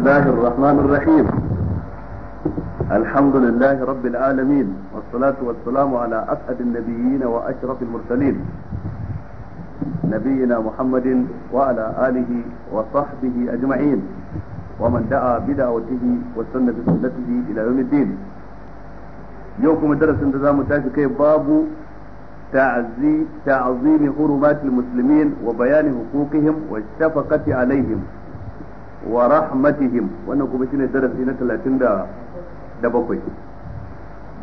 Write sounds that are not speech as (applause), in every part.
الله الرحمن الرحيم الحمد لله رب العالمين والصلاة والسلام على أسعد النبيين وأشرف المرسلين نبينا محمد وعلى آله وصحبه أجمعين ومن دعا بدعوته واستنى بسنته إلى يوم الدين يوكم درس انتظام كيف باب تعظيم حرمات المسلمين وبيان حقوقهم والشفقة عليهم wa rahmatihim wannan kuma shine darasi na 37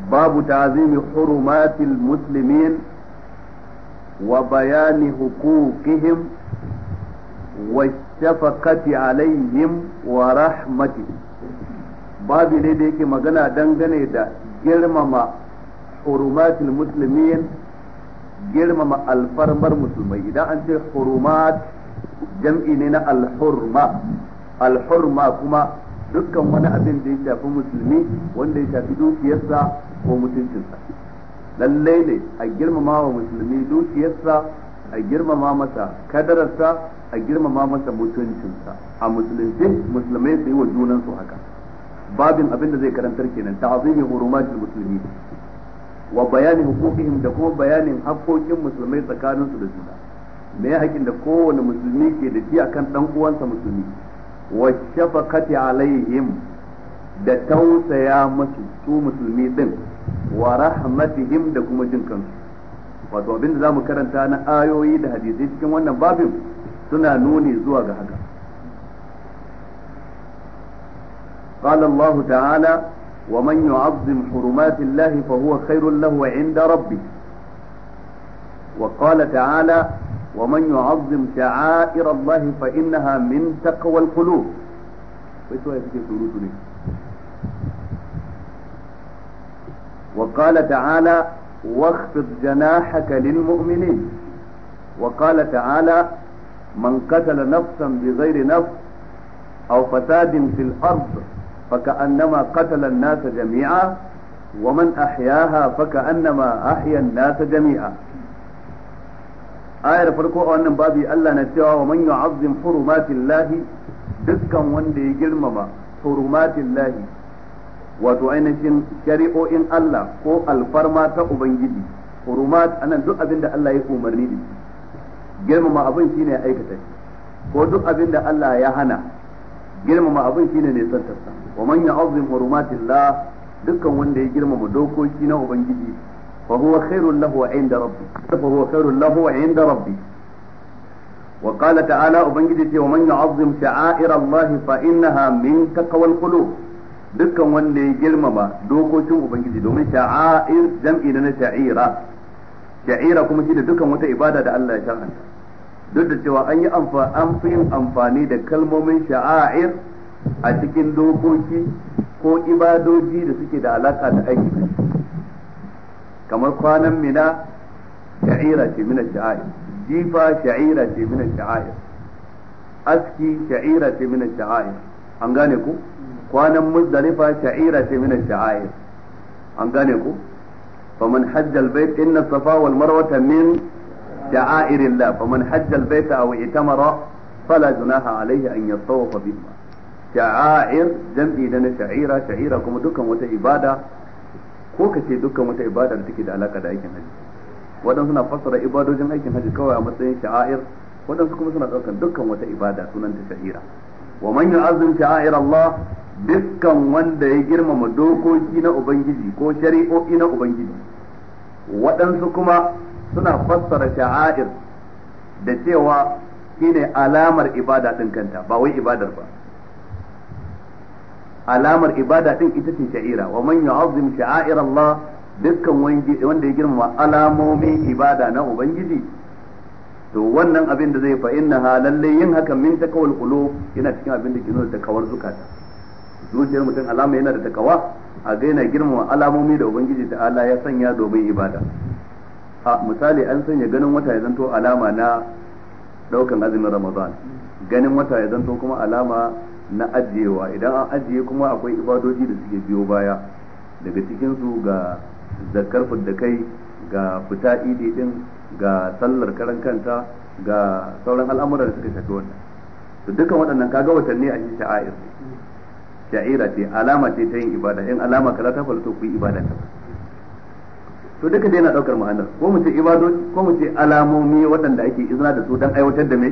babu ta'zimi hurumatil muslimin wa bayani huquqihim wa shafaqati alaihim wa rahmatihim babu ne da yake magana dangane da girmama hurumatil muslimin girmama alfarmar musulmai idan an ce hurumat jam'i ne na alhurma alhurma kuma dukkan wani abin da ya shafi musulmi wanda ya shafi dukiyarsa ko mutuncinsa lallai ne a girmama wa musulmi dukiyarsa a girmama masa kadararsa a girmama masa mutuncinsa a musulunci musulmai su yi wa junansu haka babin abin da zai karantar kenan ta'azimi hurumatul musulmi wa bayanin hukukihim da kuma bayanin haƙƙoƙin musulmai tsakaninsu da juna me haƙin da kowane musulmi ke da shi akan dan uwansa musulmi wa shafaqati alaihim da tausaya musu su musulmi din wa rahmatihim da kuma jin kansu wato abin da zamu karanta na ayoyi da hadisai cikin wannan babin suna nuni zuwa ga haka قال الله تعالى ومن يعظم حرمات الله فهو خير له عند ربه وقال تعالى ومن يعظم شعائر الله فإنها من تقوى القلوب وقال تعالى واخفض جناحك للمؤمنين وقال تعالى من قتل نفسا بغير نفس أو فساد في الأرض فكأنما قتل الناس جميعا ومن أحياها فكأنما أحيا الناس جميعا ayar farko a wannan babi Allah na cewa wa man yu'azzim hurumatillahi dukkan wanda ya girmama hurumatillahi wato ainihin shari'o'in Allah ko alfarma ta ubangiji hurumat anan duk abin da Allah ya umarni da girmama abin shine ya aikata shi ko duk abin da Allah ya hana girmama abin shine ne santarsa wa man yu'azzim hurumatillah dukkan wanda ya girmama dokoki na ubangiji فهو خير له عند ربي فهو خير له عند ربي وقال تعالى وبنجدتي ومن يعظم شعائر الله فإنها من تقوى القلوب dukkan wanda ya girmama dokokin ubangiji domin sha'air jam'i na sha'ira sha'ira kuma shi dukkan wata ibada da Allah ya shar'anta duk da cewa an yi an fi yin amfani da kalmomin sha'air a cikin dokoki ko ibadoji da suke da alaka da aiki kamar kwanan mina sha'ira ce mina sha'air jifa sha'ira ce mina sha'air aski sha'ira ce mina sha'air an gane ku kwanan muzdalifa sha'ira ce mina sha'air an gane ku faman hajjal bait inna safa wal marwata min sha'airillah faman hajjal baita aw itamara fala junaha alayhi an yatawafa bihima sha'air jam'i da na sha'ira sha'ira kuma dukan wata ibada ko ka ce dukkan wata ibada da take da alaka da aikin haji waɗansu na fassara ibadojin aikin haji kawai a matsayin sha'air waɗansu kuma suna ɗaukar dukkan wata ibada sunan ta sha'ira wa man yu'azzim sha'air Allah dukkan wanda ya girmama dokoki na ubangiji ko shari'o'i na ubangiji waɗansu kuma suna fassara sha'air da cewa shine alamar ibada ɗin kanta ba wai ibadar ba alamar ibada din ita ce sha'ira wa man yu'azzim sha'ira Allah dukkan wanda ya girmama alamomin ibada na ubangiji to wannan abin da zai fa inna halalle yin haka min takawul qulub yana cikin abin da ke nuna takawar zukata zuciyar mutum alama yana da takawa a ga yana girmama alamomi da ubangiji ta ala ya sanya domin ibada a misali an sanya ganin wata ya zanto alama na daukan azumin ramadan ganin wata ya zanto kuma alama na ajiyewa idan an ajiye kuma akwai ibadoji da suke biyo baya daga cikinsu ga zakar da kai ga fita idi din ga sallar karan kanta ga sauran al'amura da suka shafi wannan to dukkan waɗannan kaga watanni a cikin sha'air sha'ira ce alama ce ta yin ibada in alama kaza ta faru to ku yi ibada kaza to duka dai na daukar ma'ana ko mu ce ibadoji ko mu ce alamomi waɗanda ake izina da su don aiwatar da mai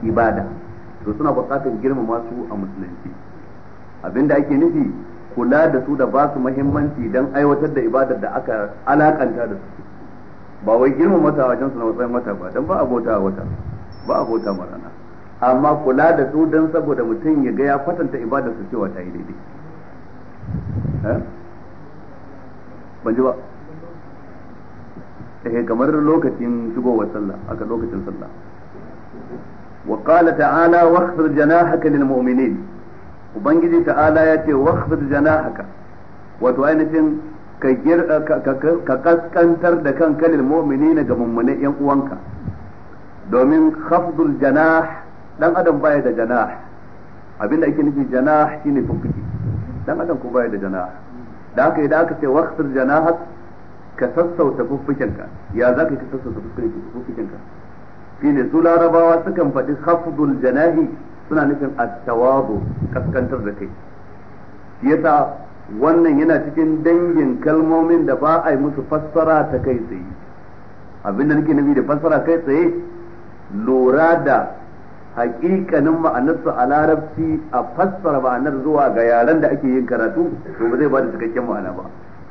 ibada to suna buƙatar girmama su a musulunci abinda ake nufi kula da su da ba su muhimmanci don aiwatar da ibadar da aka alakanta da su ba wai girmama wata wajen su na matsayin wata ba don ba a bauta wata ba a bauta marana amma kula da su don saboda mutum ya ga ya kwatanta ibadar su cewa ta yi daidai eh? ban ji ba eh kamar lokacin shigowar sallah aka lokacin sallah wa qala ta'ala wakhfir janahaka lil mu'minin ubangiji ta'ala ya ce wakhfir janahaka wato ainihin ka kaskantar da kanka kalil mu'minin ga mummune yan uwanka domin khafdul janah dan adam baya da janah abinda ake nufi janah shine fuffuki dan adam ko baya da janah da haka idan aka ce wakhfir janahak ka sassauta fuffukinka ya zaka ka sassauta fuffukinka shine su larabawa sukan faɗi khafdul janahi suna nufin at-tawadu kaskantar da kai yasa wannan yana cikin dangin kalmomin da ba a yi musu fassara ta kai tsaye abinda nake nufi da fassara kai tsaye lura da haƙiƙanin ma'anarsa a larabci a fassara ma'anar zuwa ga yaren da ake yin karatu to ba zai ba da cikakken ma'ana ba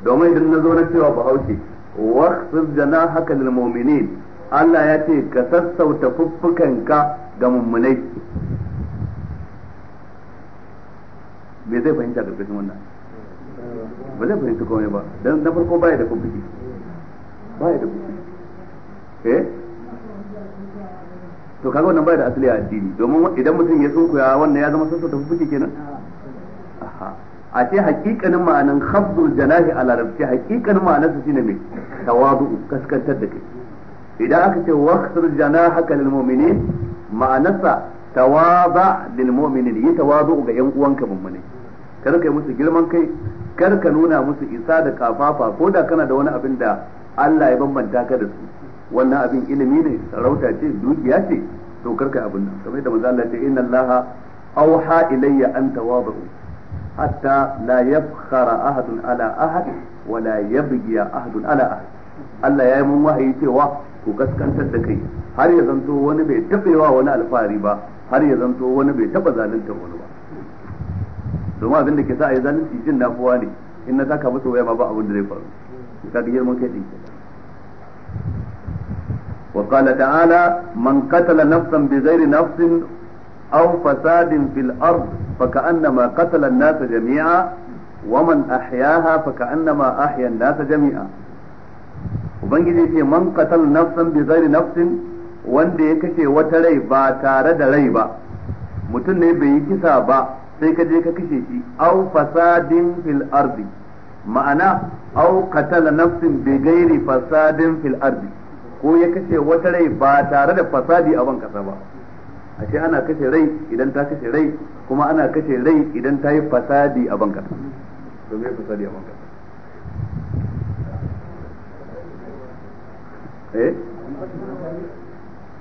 domin idan na zo na cewa bahaushe waqfir janahaka lil mu'minin Allah ya ce ka sassauta fuffukanka ga mummunai me zai fahimta ga kashin wannan ba zai fahimta kome ba don na farko baya da fuffuki baya da fuffuki eh to kaga wannan baya da asali a addini domin idan mutum ya sunkuya wannan ya zama sassauta fuffuki kenan a ce hakikanin ma'anan khabdul janahi a larabci hakikanin ma'anarsa shine mai tawadu kaskantar da kai idan aka ce waqsir janahaka haka mu'minin ma'anarsa tawaba lil mu'minin yi tawazu ga yan uwanka mummune kar kai musu girman kai kar ka nuna musu isa da kafafa ko da kana da wani abin da Allah ya bambanta ka da su wannan abin ilimi ne sarauta ce dukiya ce to kar kai abin nan kamar da manzo Allah ya ce inna Allah awha ilayya an tawaba hatta la yafkhara ahadun ala ahad wa la yabghi ahadun ala ahad Allah ya yi mun wahayi cewa ku gaskantar da kai har ya zanto wani bai taɓa yawa wani alfahari ba har ya zanto wani bai taɓa zaluntar wani ba domin abin da ke sa a yi zalunci jin nafuwa ne in na taka masa waya ma ba abin da zai faru ka ga girman kai din wa qala ta'ala man qatala nafsan bizairi nafsin aw fasadin fil ard fa ka'annama qatala an-nasa jami'a wa man ahyaha fa ka'annama ahya an-nasa jami'a ubangiji ce man qatal nafsan bi ghairi nafsin wanda ya kashe wata rai ba tare da rai ba mutum ne bai yi kisa ba sai ka je ka kashe shi au fasadin fil ardi ma'ana au qatala nafsin bi ghairi fasadin fil ardi ko ya kashe wata rai ba tare da fasadi a ban kasa ba ce ana kashe rai idan ta kashe rai kuma ana kashe rai idan ta yi fasadi a bankasa domin fasadi a ban kasa eh,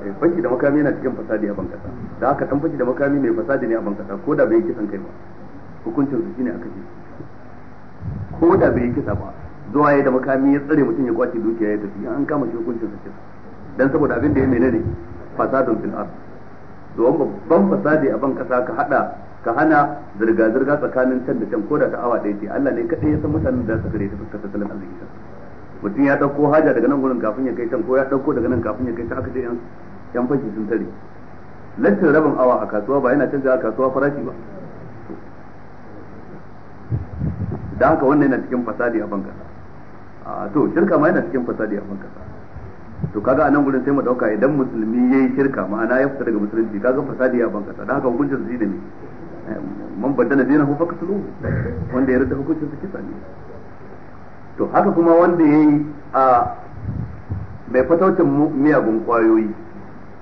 eh da makami yana cikin fasadi a bankasa da haka dan fashi da makami mai fasadi ne a bankasa ko da bai kisan kai ba hukuncin su shine aka ce ko da bai kisa ba zuwa yayin da makami ya tsare mutum ya kwace dukiya ya tafi an kama shi hukuncin su kisa dan saboda abin da ya menene fasadun fil ard don babban fasadi a bankasa ka hada ka hana zirga zirga tsakanin can da can ko da ta awa ɗaya ce Allah ne kadai ya san mutanen da suka ta fuskar tattalin arziki mutum ya dauko haja daga nan gurin kafin ya kai can ko ya dauko daga nan kafin ya kai can aka ce yan fashi sun tare lantin rabin awa a kasuwa ba yana canza a kasuwa farashi ba da haka wannan yana cikin fasadi a banka a to shirka ma yana cikin fasadi a banka to kaga a nan gurin sai mu dauka idan musulmi yayi shirka ma'ana ya fita daga musulunci kaga fasadi a banka da haka hukuncin zai da ne eh, man baddana dinahu faqtuluhu wanda ya rada hukuncin sa kisa ne to haka kuma wanda ya yi a mai fataucin miyagun kwayoyi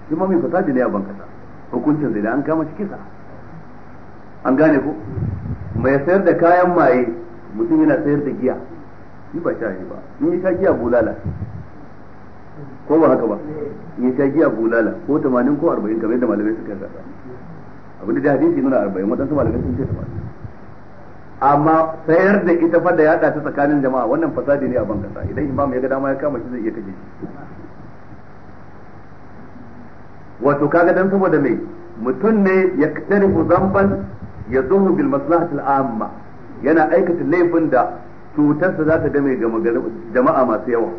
shi ma mai fata ne a bankasa hukuncin zai da an kama shi kisa an gane ko mai sayar da kayan maye mutum yana sayar da giya shi ba shahi ba in yi sha giya bulala ko ba haka ba in yi sha giya bulala ko 80 ko 40 kamar yadda malamai suka kasa abinda da hadisi nuna 40 waɗansu malamai sun ce 80 amma sayar da ita fa da yada ta tsakanin jama'a wannan fasadi ne a ban idan imam ya ga dama ya kama shi zai iya kaje wato kaga dan saboda mai mutum ne ya tarifu zamban ya zuhu bil maslahati amma yana aikata laifin da cutarsa za ta game ga jama'a masu yawa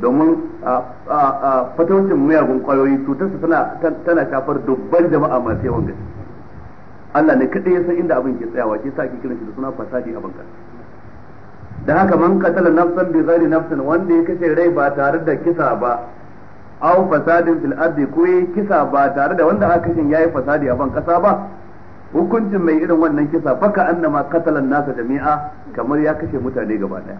domin fataucin miyagun kwayoyi cutarsa tana shafar dubban jama'a masu yawan gaske Allah ne kadai ya san inda abin ke tsayawa shi yasa ake kiran shi da suna fasadi a banka da haka man qatala nafsan bi ghairi nafsan wanda ya kace rai ba tare da kisa ba aw fasadin fil ardi ko yi kisa ba tare da wanda aka kashin yayi fasadi a ban kasa ba hukuncin mai irin wannan kisa faka annama qatala nasa jami'a kamar ya kashe mutane gaba daya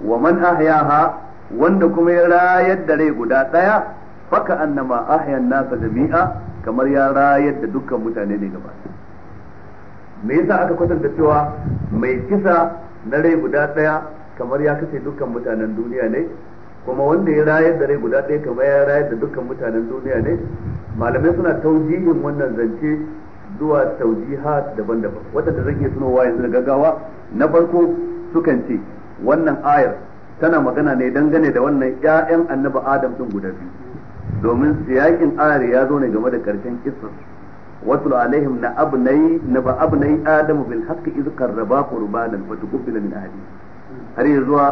wa man ahyaha wanda kuma ya rayar da rai guda daya faka annama ahya nasa jami'a kamar ya rayar da dukkan mutane ne gaba me yasa aka kwatanta cewa mai kisa na rai guda daya kamar ya kace dukkan mutanen duniya ne kuma wanda ya rayar da rai guda daya kamar ya rayar da dukkan mutanen duniya ne malamai suna taujihin wannan zance zuwa taujihat daban-daban wadanda zan iya tunowa yanzu da gaggawa na farko sukan ce wannan ayar tana magana ne dangane da wannan 'ya'yan annabi adam din guda biyu domin siyakin ayar ya zo ne game da karshen kissa wasu alaihim na abnai na ba abnai adamu bil haqqi iz qarraba qurbanan fa tuqbila min ahli har ya zuwa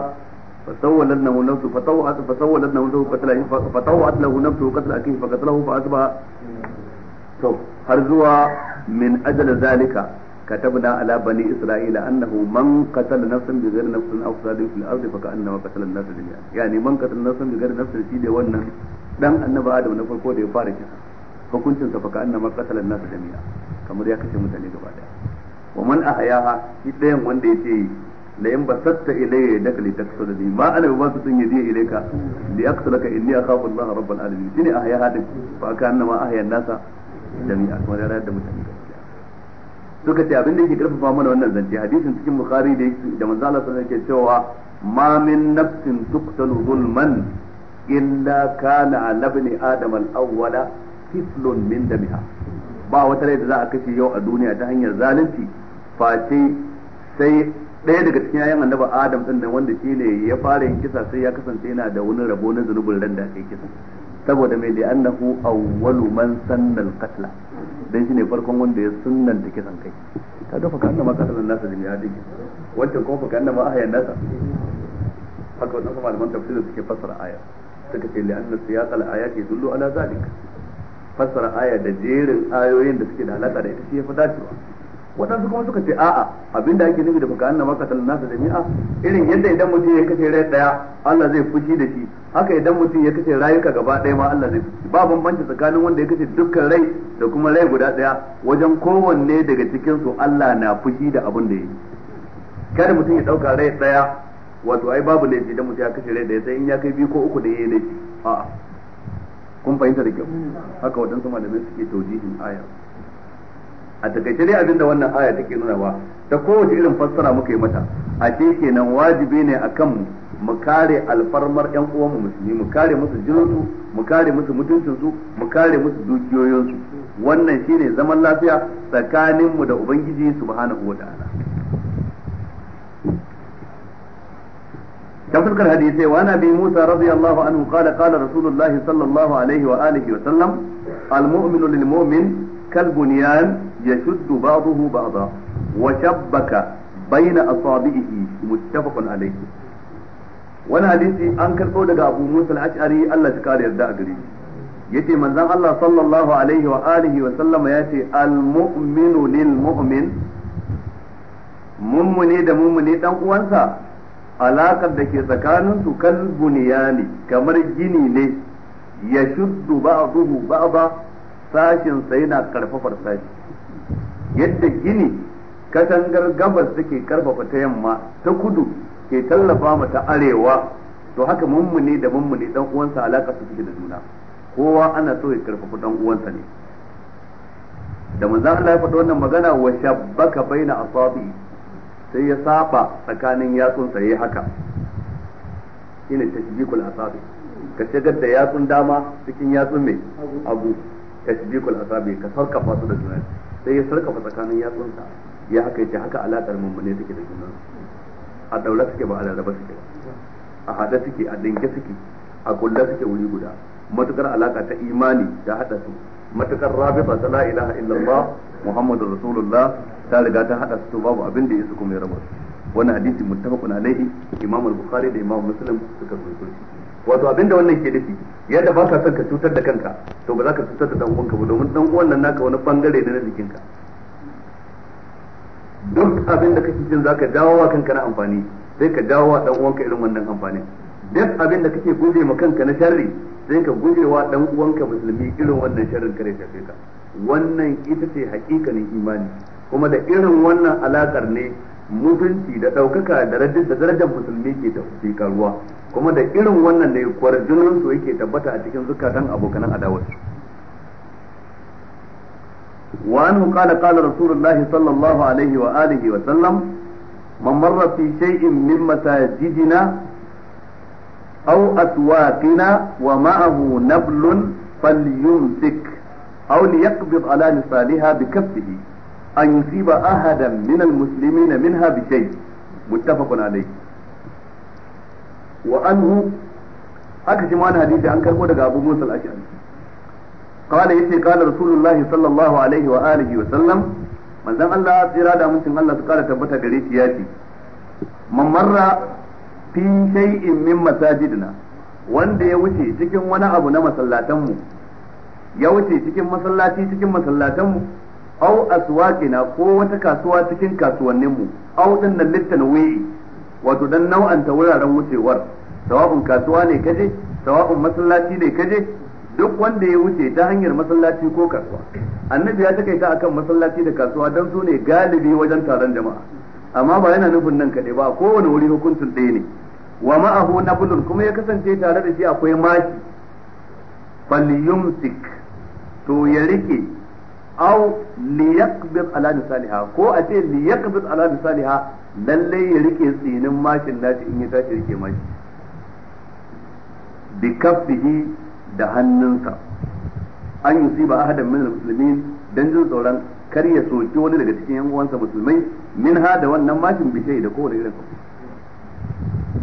fasawwalannahu nafsu fatawat fasawwalannahu lahu qatla fatawat lahu nafsu qatla akhi fa qatlahu fa asba to har zuwa min ajal zalika كتبنا على بني إسرائيل أنه من قتل نفسا بغير نفس أو فساد في الأرض فكأنما قتل الناس جميعا يعني من قتل نفسا بغير shi سيدي wannan. dan annabi adam na farko da ya fara kisa hukuncin sa faka annama qatalan nasu jami'a kamar ya kace mutane gaba daya wa man ahyaha shi dayan wanda yace la in basatta ilayya yadaka li bi ma ana ba su sun yaje ilayka li aqtulaka inni akhafu Allah rabbul alamin shine ahyaha din fa ka annama ahyan nasa jami'a kamar ya da mutane suka ce abin da yake karfafa mana wannan zance hadisin cikin bukhari da da manzo Allah sallallahu alaihi wasallam yake cewa ma min nafsin tuqtalu zulman illa kana ala ibn adam al-awwala kiflun min damiha ba wata rai da za a kashe yau a duniya ta hanyar zalunci face sai ɗaya daga cikin yayan annabi adam din da wanda ne ya fara yin kisa sai ya kasance yana da wani rabo na zunubin ran da kai kisa saboda mai da annahu awwalu man sannal qatla dan shine farkon wanda ya sunnanta kisan kai ka ga faka annama qatlan nasa jami'a dake wancan kuma faka ma ahayan nasa haka wannan malaman tafsir suke fassara ayar suka ce li anna siyaq al ayati yadullu ala zalik fassara aya da jerin ayoyin da suke da alaka da ita shi yafi dacewa waɗansu kuma suka ce a'a abinda ake nufi da baka annama maka tallan nasa jami'a irin yadda idan mutum ya kace rai daya Allah zai fushi da shi haka idan mutum ya kace rayuka gaba daya ma Allah zai fushi ba bambanci tsakanin wanda ya kace dukkan rai da kuma rai guda daya wajen kowanne daga cikin su Allah na fushi da abin da yake kada mutum ya ɗauka rai daya wato ai babu laifi idan mutum ya kashe rai da ya sai in ya kai biyu ko uku da yayi laifi a'a kun fahimta da kyau haka waɗansu malamai suke taujihin ayar a takaice dai abinda wannan aya take nunawa ta kowace irin fassara muka yi mata a ce kenan wajibi ne akan mu mu kare alfarmar yan mu musulmi mu kare musu jinsu mu kare musu mutuncinsu mu kare musu dukiyoyinsu wannan shine zaman lafiya tsakaninmu da ubangiji subhanahu wa ta'ala كفر الحديث وعن ابي موسى رضي الله عنه قال قال رسول الله صلى الله عليه واله وسلم المؤمن للمؤمن كالبنيان يشد بعضه بعضا وشبك بين اصابعه متفق عليه wani hadisi an karɓo daga abu musul ash'ari Allah shi kare yarda a gare yace manzon Allah sallallahu alaihi wa alihi wa sallama yace al mu'minu lil mu'min mummune da mummune dan uwansa alaƙar da ke tsakanin su kan ne kamar gini ne ya shuddu a ba sashin sa yana karfafar sashi yadda gini katangar gabas take karfafa ta yamma ta kudu ke tallafa ta arewa to haka mummune da mummune dan uwansa alaka su da juna kowa ana so ya karfafa dan uwansa ne da manzo Allah ya faɗi wannan magana wa shabbaka baina asabi sai ya saba tsakanin yatsunsa yayi haka ina tashbikul asabi ka shigar da yatsun dama cikin yatsun mai abu tashbikul asabi ka sarkafa su da juna sai ya sarkafa tsakanin yatsunsa ya haka yace haka alaƙar mummune take da juna a daula suke ba a rarraba suke a hada suke a dinke suke a kulla suke wuri guda matukar alaka ta imani da hada su matukar rabita ta la ilaha illallah muhammadur rasulullah ta riga ta hada su babu abin da yasu kuma ya rabu wannan hadisi muttafaqun alaihi imam al-bukhari da imam muslim suka rubuta shi wato abin da wannan ke dafi yadda ba ka son ka cutar da kanka to ba za ka cutar da dan uwanka ba domin dan uwan nan naka wani bangare ne na jikinka duk abin da kake jin zaka dawo wa kanka na amfani sai ka dawo wa dan uwanka irin wannan amfani duk abin da kake guje ma kanka na sharri sai ka guje wa dan uwanka musulmi irin wannan sharrin kare ta ka wannan ita ce hakikanin imani kuma da irin wannan alakar ne mutunci da ɗaukaka da darajar musulmi ke tafi karuwa kuma da irin wannan ne kwarjinin su yake tabbata a cikin zukatan abokan adawar wa anhu qala qala rasulullah sallallahu alaihi wa alihi wa sallam man marra fi shay'in min masajidina aw aswaqina wa ma'ahu nablun falyumsik aw liyaqbid ala nisaliha bi kaffihi an yusiba ahadan min almuslimina minha bi shay muttafaqun alayh wa anhu haka shi wani hadisi an karbo daga Abu Musa al-Ash'ari qala yace qala Rasulullah sallallahu alaihi wa alihi wa sallam manzon Allah tsira da mutun Allah su kara tabbata gare shi yace man marra fi shay'in min masajidina wanda ya wuce cikin wani abu na masallatanmu ya wuce cikin masallaci cikin masallatanmu au aswaqina ko wata kasuwa cikin kasuwannin mu au din nan wato dan nau'anta wuraren wucewar sawa'un kasuwa ne kaje sawa'un masallaci ne kaje duk wanda ya wuce ta hanyar masallaci ko kasuwa annabi ya takaita akan masallaci da kasuwa dan su ne galibi wajen taron jama'a amma ba yana nufin nan kaɗai ba kowane wuri hukuncin ɗaya ne wa ma'ahu nablun kuma ya kasance tare da shi akwai maki falyumsik to ya rike aw liyaqbid ala nisaliha ko a ce liyaqbid ala nisaliha lalle ya rike tsinin mashin nata in ya tashi rike mashi bi kaffihi da hannunsa an yusiba ahadan min almuslimin dan jin tsoron kar ya soki wani daga cikin yan uwansa musulmai min ha da wannan mashin bishai da kowane irin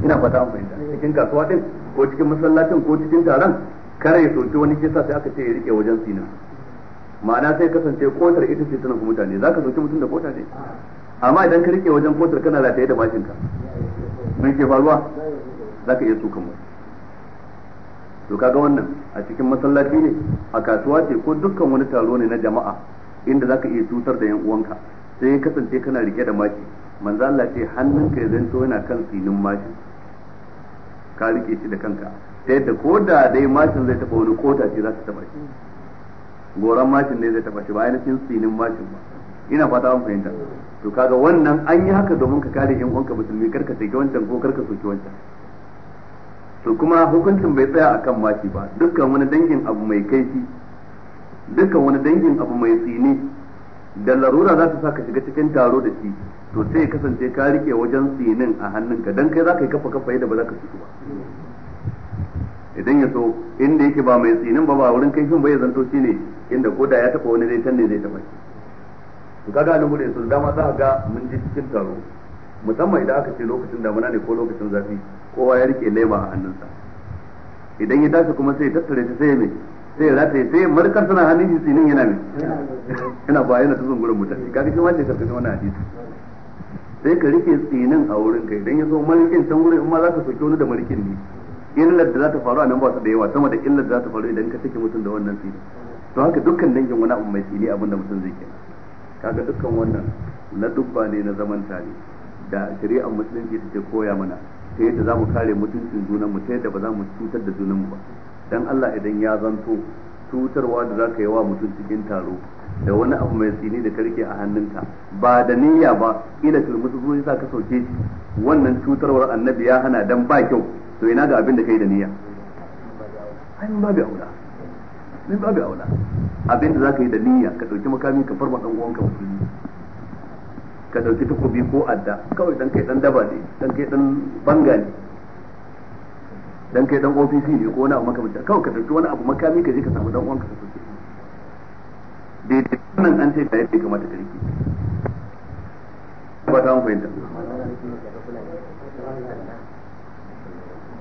ina fata an fahimta cikin kasuwa din ko cikin masallacin ko cikin taron kar ya soki wani kisa sai aka ce ya rike wajen tsinin. ma'ana sai kasance kotar ita ce tana mutane za ka soki mutum da kota ne amma idan ka rike wajen kotar kana rataye da ka mai ke faruwa za ka iya sukan mu to kaga wannan a cikin masallaci ne a kasuwa ce ko dukkan wani taro ne na jama'a inda zaka iya cutar da yan uwanka sai kasance kana rike da mashi manzo Allah ce hannunka ya zanto yana kan tsinin mashin ka rike shi da kanka ta yadda ko da dai mashin zai taba wani kota ce za ta taba shi goran mashin ne zai taba shi ba ainihin sinin mashin ba ina fata an fahimta to kaga wannan an yi haka domin ka kare yan uwanka musulmi karka sai wancan ko karka soki wancan to kuma hukuncin bai tsaya akan mashi ba dukkan wani dangin abu mai kaifi dukkan wani dangin abu mai tsini da larura za ta sa ka shiga cikin taro da shi to sai kasance ka rike wajen tsinin a hannunka dan kai za ka yi kafa kafa yadda ba za ka fito ba idan ya so inda yake ba mai tsinin ba ba wurin kai ba bai zanto shine inda koda ya taba wani zai tanne zai taba to kaga an gure su dama za ga mun ji cikin taro musamman idan aka ce lokacin damuna ne ko lokacin zafi kowa ya rike lema a hannunsa idan ya dace kuma sai ya tattare shi sai mai sai ya rataye sai markar tana hannun shi tsinin yana mai yana ba yana tuzun gurin mutane kaga shi wanda ya karkashin wannan hadisi sai ka rike tsinin a wurin kai idan ya so marikin can gurin in ma za ka soke wani da marikin ne illar da za ta faru a nan ba su da yawa sama da illar da za ta faru idan ka sake mutum da wannan tsini to haka dukkan dangin wani abu mai tsini abinda mutum zai kenan kaga dukkan wannan na dubba ne na zaman tare da shari'ar musulunci ce koya mana ta yadda za mu kare mutuncin mu ta yadda ba za mu cutar da mu ba dan Allah idan ya zanto cutarwa da za ka yi wa mutum cikin taro da wani abu mai tsini da karke a hannunka ba da niyya ba ila tilmusu ya sa ka sauke shi wannan cutarwar annabi ya hana dan ba kyau to ina ga abin da kai da niyya ai mun bi aula ba bi aula abin da zaka yi da niyya ka dauki makami ka farma dan uwanka musulmi ka dauki takobi ko adda kawai dan kai dan daba ne dan kai dan banga ne dan kai dan ofisi ne ko wani abu makamanci kawai ka dauki wani abu makami ka je ka samu dan uwanka ka dai daidai wannan an ce da yake kamata ka rike ba ta fahimta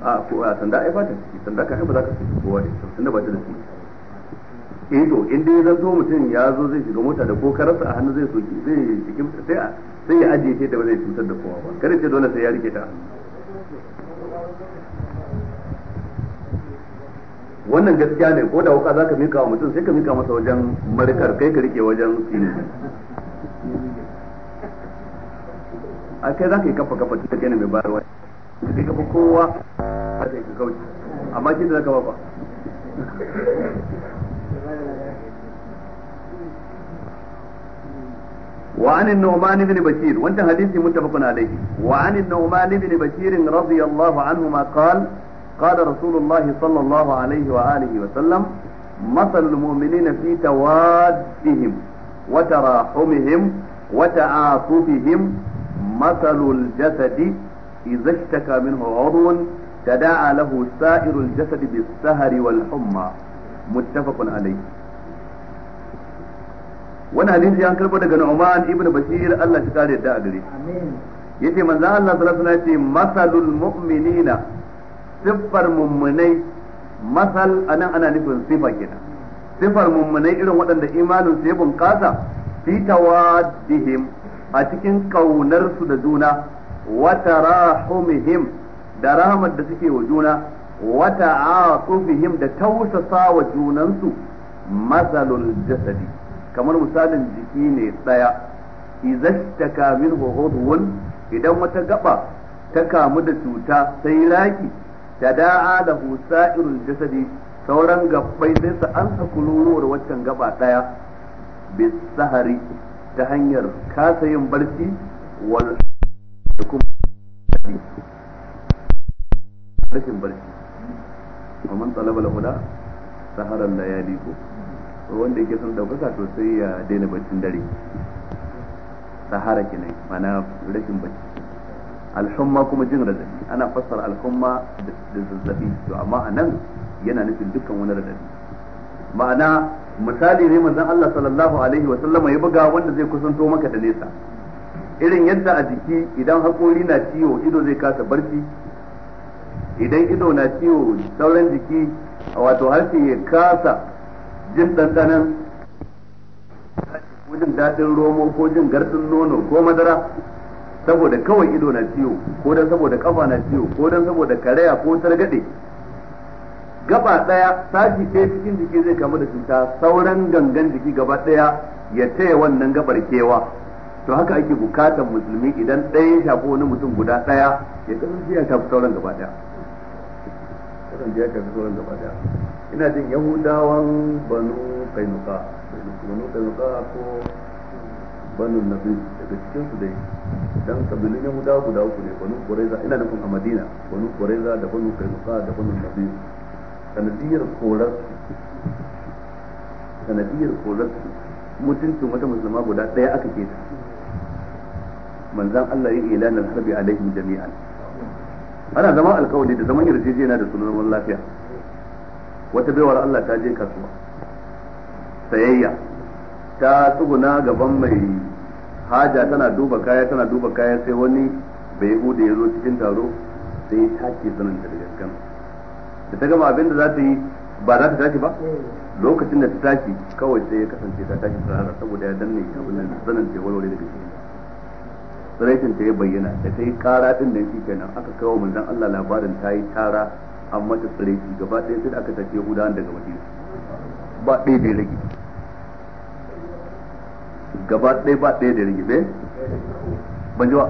a ko a sanda ai ba ta ciki sanda ka ba za ka saki kowa da ita tunda ba ta da ciki eh to in dai zan zo mutum ya zo zai shiga mota da ko karasa a hannu zai soki zai cikin sai sai ya ajiye ta da ba zai cutar da kowa ba kada ce dole sai ya rike ta wannan gaskiya ne ko da wuka zaka mika wa mutum sai ka mika masa wajen marikar kai ka rike wajen tsini a kai zaka yi kafa kafa ta gane mai bayarwa sai kowa a ka amma da gaba ba وعن النعمان بن بشير وانت حديث متفق عليه وعن النعمان بن بشير رضي الله عنهما قال قال رسول الله صلى الله عليه وآله وسلم مثل المؤمنين في توادهم وتراحمهم وتعاطفهم مثل الجسد idza ishtaka minhu udhun tada'a lahu sa'irul jasad bis-sahari wal-humma muttafaqun alayh wani hadisi an karbo daga Nu'man ibn Bashir Allah shi kare yadda a gare yace manzon Allah sallallahu alaihi wasallam yace masalul mu'minina siffar mummunai masal anan ana nufin sifa kenan siffar mummunai irin waɗanda imanin su ya bunƙasa fi tawaddihim a cikin kaunar su da juna wa tarahumihim da rahmar da suke wa juna wa ta'atufihim da tausasa wa junansu masalul jasadi kamar misalin jiki ne tsaya izastaka min hudhun idan wata gaba ta kamu da cuta sai raki ta da'a da husa irin jasadi sauran gabbai sai su an sakulowar waccan gaba ɗaya. bisahari ta hanyar kasa yin barci wal da kuma rashin barci wa man talaba al-huda saharan layali ko wanda yake son daukaka to sai ya daina barcin dare sahara kenan mana rashin bacci alhumma kuma jin radadi ana fassara alhumma da zazzabi to amma anan yana nufin dukkan wani radadi ma'ana misali ne manzon Allah sallallahu alaihi wa sallama ya buga wanda zai kusanto maka da nesa irin yadda a jiki idan haƙori na ciwo ido zai kasa barci idan ido na ciwo sauran jiki wato harshe ya kasa jin ɗanɗanan ko jin daɗin romo ko jin garɗin nono ko madara saboda kawai ido na ciwo ko dan saboda kafa na ciwo ko dan saboda karaya ko targaɗe, gaba ɗaya sashi ɗaya cikin jiki zai kamu da cuta sauran gangan jiki gaba ɗaya ya taya wannan gabar kewa to haka ake bukatar musulmi idan ɗaya ya shafi wani mutum guda ɗaya ya kasance ya shafi sauran gaba ɗaya kasance ya shafi sauran gaba ɗaya ina jin yahudawan banu kainuka banu kainuka ko banu nabi daga cikin su dai dan kabilun yahuda guda uku ne banu quraiza ina nufin a madina banu quraiza da banu kainuka da banu nabi sanadiyar korar sanadiyar korar mutuntun wata musulma guda ɗaya aka keta manzan Allah ya ilanar sabi alaihim jami'an ana zama alkawali da zaman yarjejeniya da sunan zaman lafiya wata baiwar Allah ta je kasuwa sayayya ta tsuguna gaban mai haja tana duba kaya tana duba kaya sai wani bai hude ya zo cikin taro sai ta ce sanin da gaskan da ta gama abinda za ta yi ba za ta tashi ba lokacin da ta tashi kawai sai ya kasance ta tashi sarara saboda ya danne abin da sanin da walwale daga shi rashin ta ya bayyana da ta yi kara din da shi kenan aka kawo manzon Allah labarin ta yi tara an mata tsare gaba ɗaya sai aka tafi Yahudawan daga Madina ba ɗaya da rage gaba ɗaya ba ɗaya da rage ɗaya eh? ban ji ba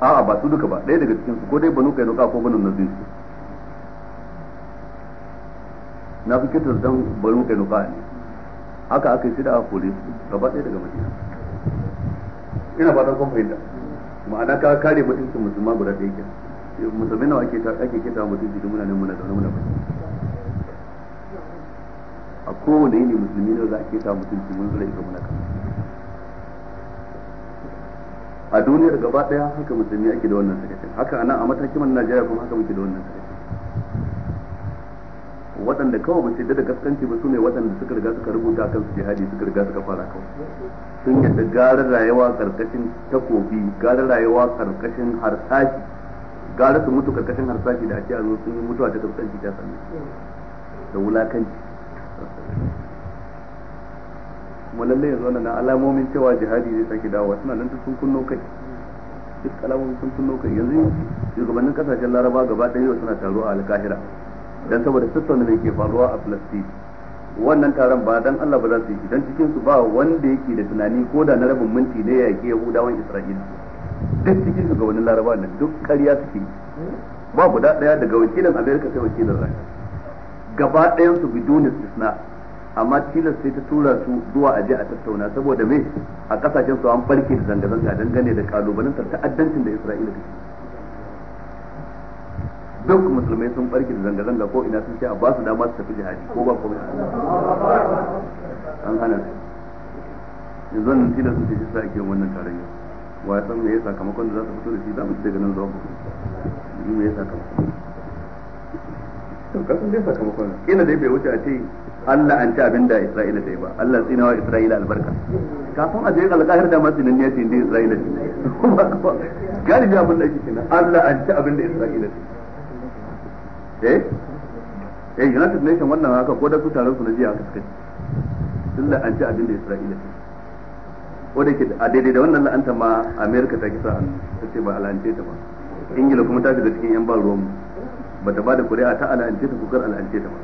a'a ba su duka ba ɗaya daga cikin su ko dai banu kai nuka ko banu su na fi kitar dan banu kai nuka ne haka aka yi shida da kore su gaba ɗaya daga Madina ina fatan kun fahimta ma'ana ka kare mutuncin musulma guda ɗaya ke eh, musulmi nawa ake ake kita mutunci da muna nan muna zaune muna a kowane yini musulmi nawa za a kita mutunci mun zura ita muna a duniyar gaba ɗaya haka musulmi ake da wannan sakacin haka nan a matakin Najeriya kuma haka muke da wannan sakacin waɗanda kawai ba su yadda da gaskanci ba su ne waɗanda suka riga suka rubuta kan su jihadi suka riga suka fara kawai sun yadda gara rayuwa karkashin takobi gara rayuwa karkashin harsashi gara su mutu karkashin harsashi da ake a sun yi mutuwa ta gaskanci ta sami da wulakanci kuma lallai yanzu wannan alamomin cewa jihadi zai sake dawowa suna nan sun kunno kai duk alamomin sun kunno kai yanzu shugabannin kasashen laraba gaba ɗaya suna taruwa a alkahira dan saboda tattauna da ke faruwa a Palestine wannan taron ba dan Allah ba za su yi dan cikin su ba wanda yake da tunani ko da na rabin minti ne ya yake Yahudawan Isra'ila duk cikin su ga wani Laraba ne duk ƙarya suke ba guda daya daga wakilin Amerika sai wakilin Rasha gaba ɗayan su bidon istisna amma tilas sai ta tura su zuwa aje a tattauna saboda me a kasashen su an barke da zanga-zanga dangane da kalubalen ta'addancin da Isra'ila take duk musulmai sun barke da zanga-zanga ko ina sun ce a ba su dama su tafi jihadi ko ba komai an hana su yanzu nan tilas sun ce shi sa ake yin wannan yau wa ya san me ya sakamakon da za su fito da shi za mu ci daga nan zuwa mu me ya sa to kasan dai sakamakon ina dai bai wuce a ce Allah an ci abin da Isra'ila ta yi ba Allah tsina wa Isra'ila albarka kafin a je alƙahir da masu nan yace ne Isra'ila ce galibi abin da ake kenan Allah an ci abin da Isra'ila ta yi eh eh United Nation wannan haka ko da su taron su na jiya haka suka ce an ci abin da Isra'ila ce ko da ke a daidai da wannan la'anta ma America ta kisa hannu ta ce ba al'ance ta ba Ingila kuma ta shiga cikin yan ban ruwan ba ta ba da kuri'a ta al'ance ta kukar al'ance ta ba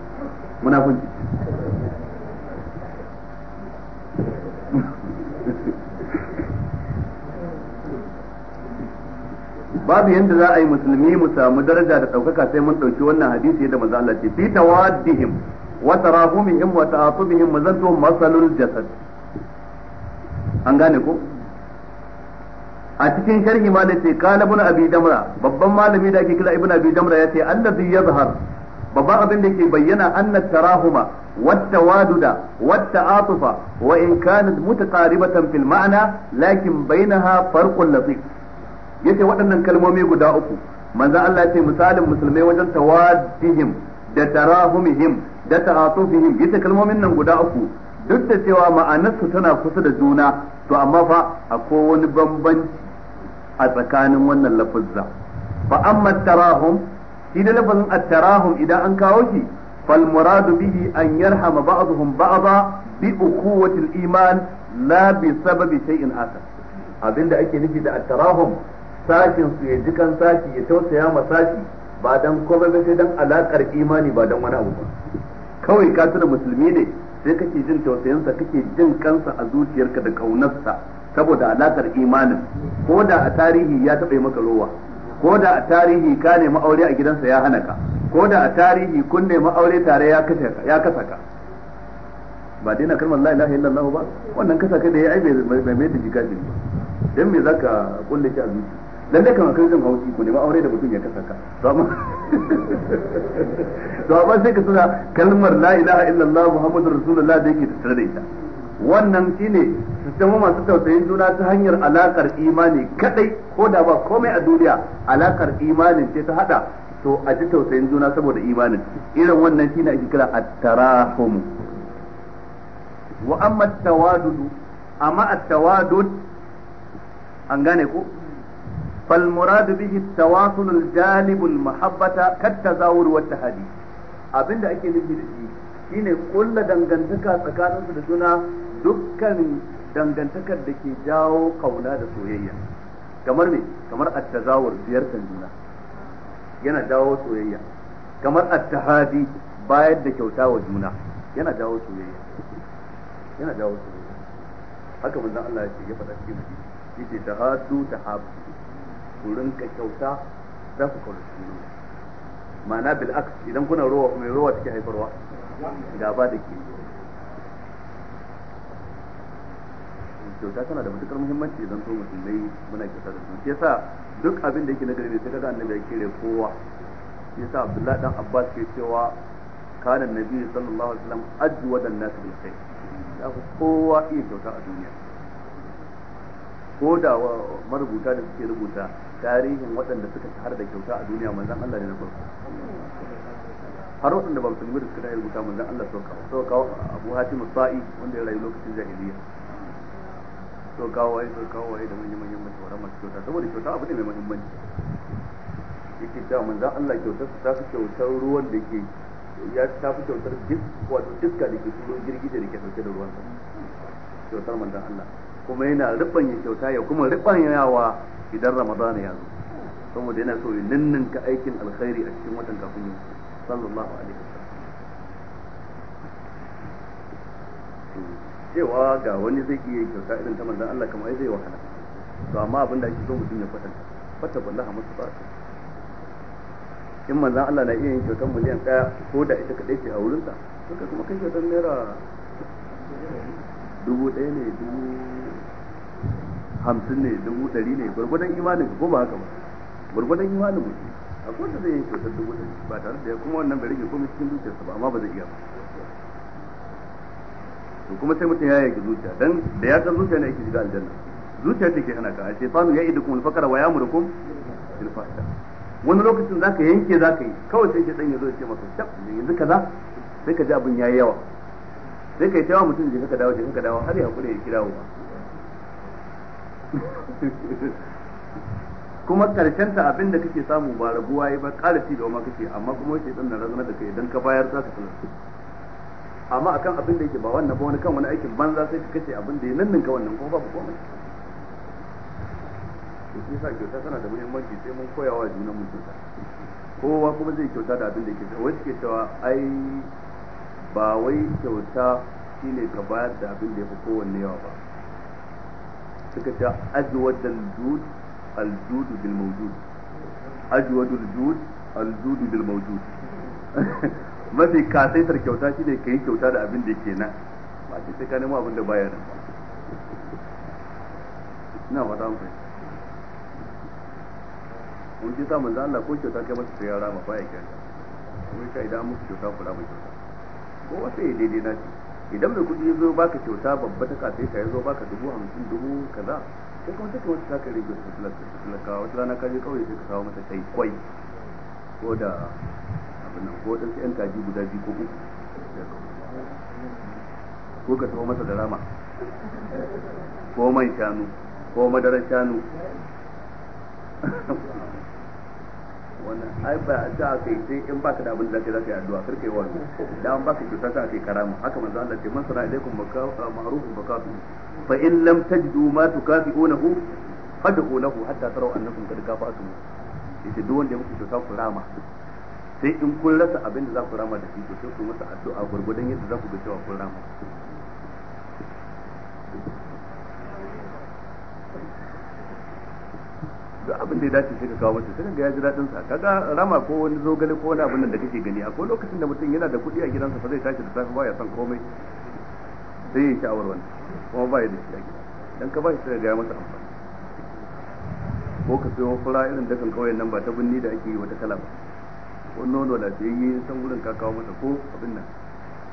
munafunci (laughs) babu yanda za a yi musulmi mu samu daraja da ɗaukaka sai mun ɗauki wannan hadisi yadda manzo Allah ce fi tawaddihim wa tarahumihim wa ta'atubihim mazantu masalul jasad an gane ko a cikin sharhi ma da ce kala ibn abi damra babban malami da ake kira ibn abi damra ya ce allazi yazhar babban abin da ke bayyana anna tarahuma wata waduda wata atufa wa in kanat mutaqaribatan fil ma'na lakin bainaha farqun latif yace waɗannan kalmomi guda uku manzo Allah ya ce misalin musulmai wajen tawaddihim da tarahumihim da ta'atufihim yace kalmomin nan guda uku duk da cewa ma'anarsu tana kusa da juna to amma fa akwai wani bambanci a tsakanin wannan lafazza fa amma tarahum shi da lafazin at-tarahum idan an kawo shi fal muradu bihi an yarhama ba'dhum ba'dha bi uquwati al-iman la bi sababi shay'in akhar abinda ake nufi da at-tarahum sashin su ya ji kan sashi ya tausaya ma sashi ba dan komai ba sai dan alakar imani ba dan wani abu ba kawai ka tuna musulmi ne sai kake jin tausayinsa kake jin kansa a zuciyarka da kaunarsa saboda alakar imanin ko da a tarihi ya taɓa maka rowa ko da a tarihi ka nemi aure a gidansa ya hana ka ko da a tarihi kun nemi aure tare ya kashe ka ya kasa ka ba dai na kalmar la ilaha illallah ba wannan kasa kai da ya ai bai mai da jigajin ba dan me zaka kulle shi a zuciya lalle kan kai zan haushi ko ne ba aure da mutum ya kasaka to amma to amma sai ka tsaya kalmar la ilaha illallah muhammadur rasulullah da yake tattare da ita wannan shine su zama masu tausayin juna ta hanyar alakar imani kadai ko da ba komai a duniya alakar imanin ce ta hada to a ji tausayin juna saboda imanin irin wannan shine ake kira at-tarahum wa amma at-tawadud amma at-tawadud an gane ko فالمراد به التواصل الجالب المحبة كالتزاور والتهادي abinda ake nufi da shi shine ƙulla dangantaka tsakaninsu da juna dukkan dangantakar da ke jawo kauna da soyayya kamar me kamar attazawur ziyartar juna yana jawo soyayya kamar attahadi bayar da kyauta wa juna yana jawo soyayya yana jawo soyayya haka manzon Allah ya ce ya ku rinka kyauta za ku kawo su nuna ma'ana bil aks idan kuna rowa mai rowa take haifarwa ba da ke kyauta tana da matukar muhimmanci idan to dai muna kyauta da su ke sa duk abin da yake na gari ne sai kaga annabi ya kire kowa ke sa abdullahi dan abbas ke cewa kana nabi sallallahu alaihi wasallam ajwadan nas bil khair ya ku kowa iya kyauta a duniya ko da marubuta da suke rubuta tarihin waɗanda suka shahara da kyauta a duniya zan Allah ne na farko har waɗanda ba musulmi da suka da rubuta manzon Allah sau kawo sau kawo Abu hati musa'i wanda ya rayu lokacin jahiliya sau kawo waye sau kawo waye da manyan manyan mutawaran masu kyauta saboda kyauta abu ne mai muhimmanci yake cewa manzon Allah kyautar ta fi kyautar ruwan da ke ya ta fi kyautar duk wato iska da ke turo jirgi da ke sauke da ruwan sa kyautar zan Allah kuma yana riɓanya kyauta ya kuma rubanyawa idan ramadan ya zo saboda yana so ya ka aikin alkhairi a cikin watan kafin yau sallallahu alaihi wasallam cewa ga wani zai iya kyauta irin ta manzon Allah kamar zai wahala to amma abin da ake so mutum ya kwatanta fata wallahi masu ba in manzon Allah na iya yin kyauta miliyan daya ko da ita kadai ce a wurinsa to kuma kai kyautar naira dubu ɗaya ne dubu hamsin ne dubu ɗari ne gurgudan imanin ko ba haka ba gurgudan imanin mutum a kowace zai yi kyautar dubu ɗari ba tare da kuma wannan bai rage komai cikin zuciyarsa ba amma ba zai iya ba to kuma sai mutum ya yaki zuciya dan da ya san zuciya ne yake shiga aljanna zuciya take hana ka sai fanu ya idukum kuma fakara wa yamurukum bil fahsha wani lokacin zaka yanke zaka yi kawai sai dan ya zo ya ce maka tab yanzu kaza sai ka ji abin yayi yawa sai kai tawa mutum je ka dawo je ka dawo har ya kure ya kirawo ba kuma karshen ta abin da kake samu ba raguwa yi ba ƙara ci gaba kake amma kuma wace ɗan na razana da kai idan ka bayar za ka sanar amma akan abin da yake ba wannan ba wani kan wani aikin banza sai ka kace abin da ya ka wannan kuma babu komai shi yasa kyauta tana da muhimmanci sai mun koya wa junan mu kyauta kowa kuma zai kyauta da abin da yake wai suke cewa ai ba wai kyauta shine ka bayar da abin da ya fi kowanne yawa ba suka ce ajwad al-jud al-jud bil mawjud ajwad al-jud al-jud bil mawjud (laughs) mafi kasaitar kyauta shine kai kyauta da abin da yake na ba ce sai ka nemo abin da baya nan ina fata muku mun ji Allah ko kyauta kai masa baya kyauta idan muku kyauta kula mai kyauta ko daidai na ce idan mai kudi ya zo baka kyauta babba ta kafe ka ya zo baka dubu hamsin dubu kaza sai kuma take wata taka rage ta talaka wata rana ka je kawai sai ka kawo mata kai kwai ko da abin nan ko dan yan kaji guda biyu ko uku ko ka tawo mata da rama ko mai shanu ko madaran shanu wannan ai ba da a kai sai in baka da abin da kai zaka yi addu'a karka yi wannan da an baka kusa sai aka yi karama haka manzo Allah ce masara alaikum ma'rufun bakafi fa in lam tajdu ma tukafi'unahu fad'u lahu hatta taraw annakum kad kafatu yace duk wanda ya muku kyauta ku rama sai in kun rasa abin da za ku rama da shi to sai ku masa addu'a gurgudan yadda za ku ga cewa kun rama da abin da ya dace sai ka kawo masa sai ga ya ji daɗin sa kaga rama ko wani zogale ko wani abin da kake gani akwai lokacin da mutum yana da kuɗi a gidansa fa zai tashi da safe ba ya san komai sai ya sha'awar wani kuma ba ya da shi a gida dan ka ba shi sai ga ya masa amfani ko ka sayo fura irin kan kauyen nan ba ta binni da ake yi wata kala ba ko nono lafiyayye san gurin ka kawo masa ko abin nan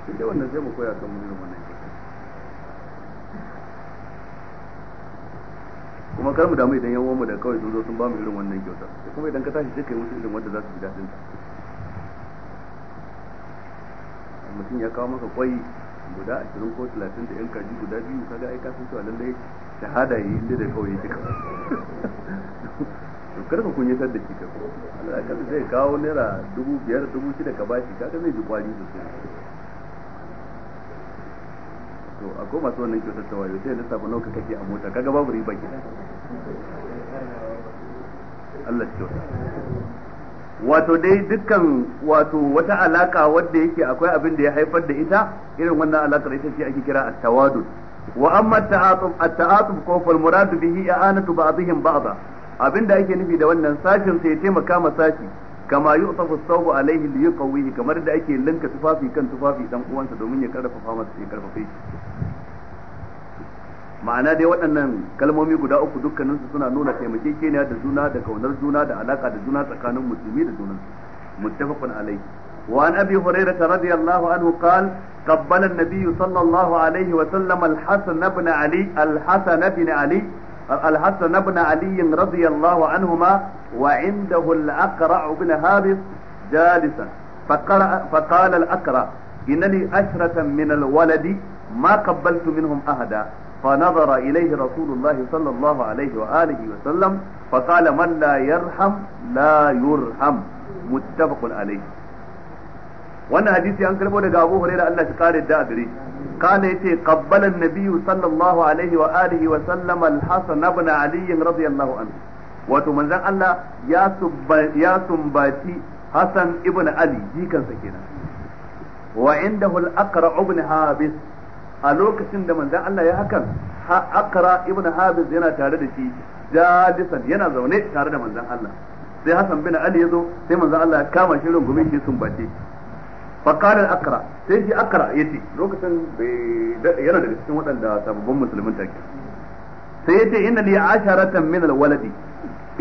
sai dai wannan sai mu koya kan mun irin wannan kuma kar mu damu idan yan uwanmu da kawai sun zo sun ba mu irin wannan kyauta kuma idan ka tashi sai kai musu irin wanda za su ji dadin ta mutum ya kawo maka kwai guda ashirin ko talatin da yan kaji guda biyu kaga ai kasan cewa lallai shahada yi inda da kawai yake to kar ka kunye da shi ka Allah ka zai kawo naira dubu biyar dubu shida ka bashi kaga zai ji kwari sosai to a koma masu wannan kyautar ta wayo sai lissafa nauka kake a mota kaga babu riba ke Allah kyauta wato dai dukkan wato wata alaka wadda yake akwai abin da ya haifar da ita irin wannan da ita ce ake kira at-tawadud wa amma at-ta'atuf at-ta'atuf ko fal murad bihi i'anatu ba'dihim ba'dha abinda ake nufi da wannan sashin sai ya taimaka ma sashi kama yu'tafu thawbu alaihi li yuqawwihi kamar da ake linka tufafi kan tufafi dan uwansa domin ya karfafa masa ya karfafe shi ma'ana dai waɗannan kalmomi guda uku dukkanin su suna nuna taimakekeniya da juna da kaunar juna da alaka da juna tsakanin musulmi da junan muttafaqun alaihi wa an abi hurairah radiyallahu anhu qala qabbala an-nabiy sallallahu alaihi wa sallam al-hasan ibn ali al-hasan ibn ali الحسن بن علي رضي الله عنهما وعنده الأقرع بن هابس جالسا فقرأ فقال الأقرع إنني عشرة من الولد ما قبلت منهم أحدا فنظر إليه رسول الله صلى الله عليه وآله وسلم فقال من لا يرحم لا يرحم متفق عليه wannan hadisi an karbo daga Abu Hurairah Allah shi kare da gare kana yace qabbala an-nabiyyu sallallahu alaihi wa alihi wa sallam al-Hasan ibn Ali radiyallahu anhu wato manzon Allah ya ya sumbaci Hasan ibn Ali sa kenan wa indahu al-Aqra ibn Habis a lokacin da manzon Allah ya hakan Aqra ibn Habis yana tare da shi jalisan yana zaune tare da manzon Allah sai Hassan bin Ali ya zo sai manzon Allah ya kama shi rungume shi sumbace fakadar akara sai sai akara ya ce lokacin bai daɗe yana da wasu cikin sababbin musulmin take sai yace in na le'a ashirar da minal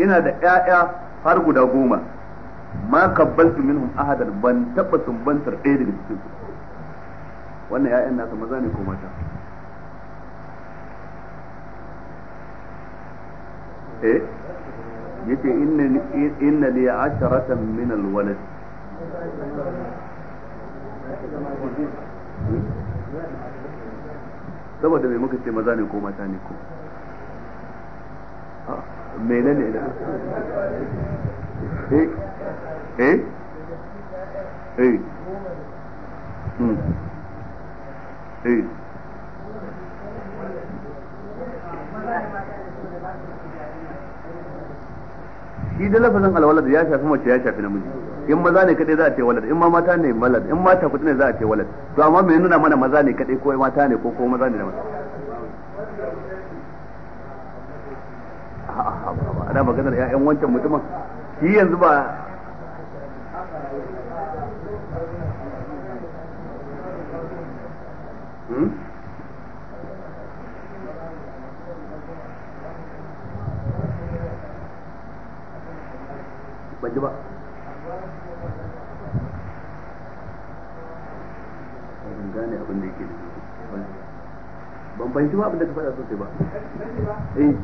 ina da ƴaƴa har guda goma ma ka bansu minnu ahadin ban taba sumbantar daga cikin ku. wannan ƴaƴan na kama za ni kumata eh yace in na le'a ashirar da minal walanni. saboda mai muka ce maza ne ko mata ne ko ah, ne da eh eh eh hmm, eh shi da lafazin alwalad ya shafi mace ya shafi namiji in maza ne kadai za a ce walad in ma mata ne walad in mata kuɗi ne za a ce walad to amma me nuna mana maza ne kadai ko mata ne ko ko maza ne da mata ana maganar ƴaƴan wancan mutumin shi yanzu ba hmm? ban ji ba gane abin da yake da shi ban fahimci ba abin da ka faɗa sosai ba to eh.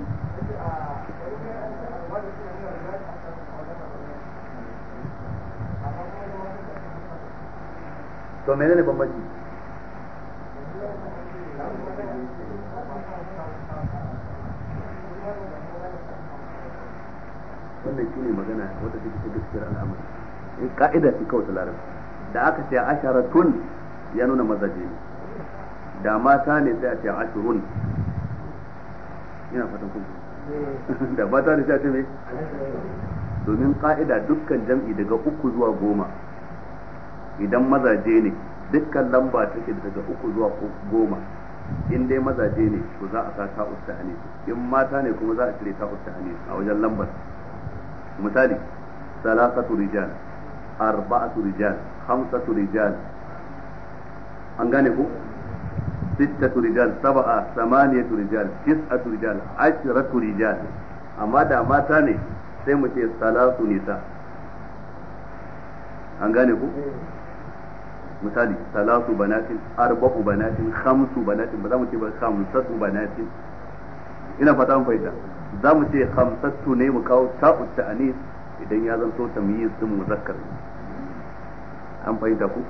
to menene bambanci wannan shi ne magana wadda take ta gaskiyar al'amari in eh, ka'ida ce kawai ta larabci da aka ce asharatun ya nuna mazaje ne da mata ne sai a ce ashirun ina fatan kuma da mata ne sai a ce mai domin ka'ida dukkan jam'i daga uku zuwa goma idan mazaje ne dukkan lamba take daga uku zuwa goma in dai mazaje ne to za a sa ta usta in mata ne kuma za a cire ta usta a wajen lambar misali salasatu rijal arba'atu rijal khamsatu rijal an gane ku Sita turijal sab'a samaniya turijal tis'atu turijal ashratu turijal amma da mata ne sai mu ce salatu nisa an gane ku misali salatu banatin arba'u banatin khamsu banatin ba za mu ce ba khamsatu banatin ina fata mun fahimta za mu ce khamsatu ne mu kawo ta'u ta'anis idan ya zanto tamyiz mu muzakkar an fahimta ku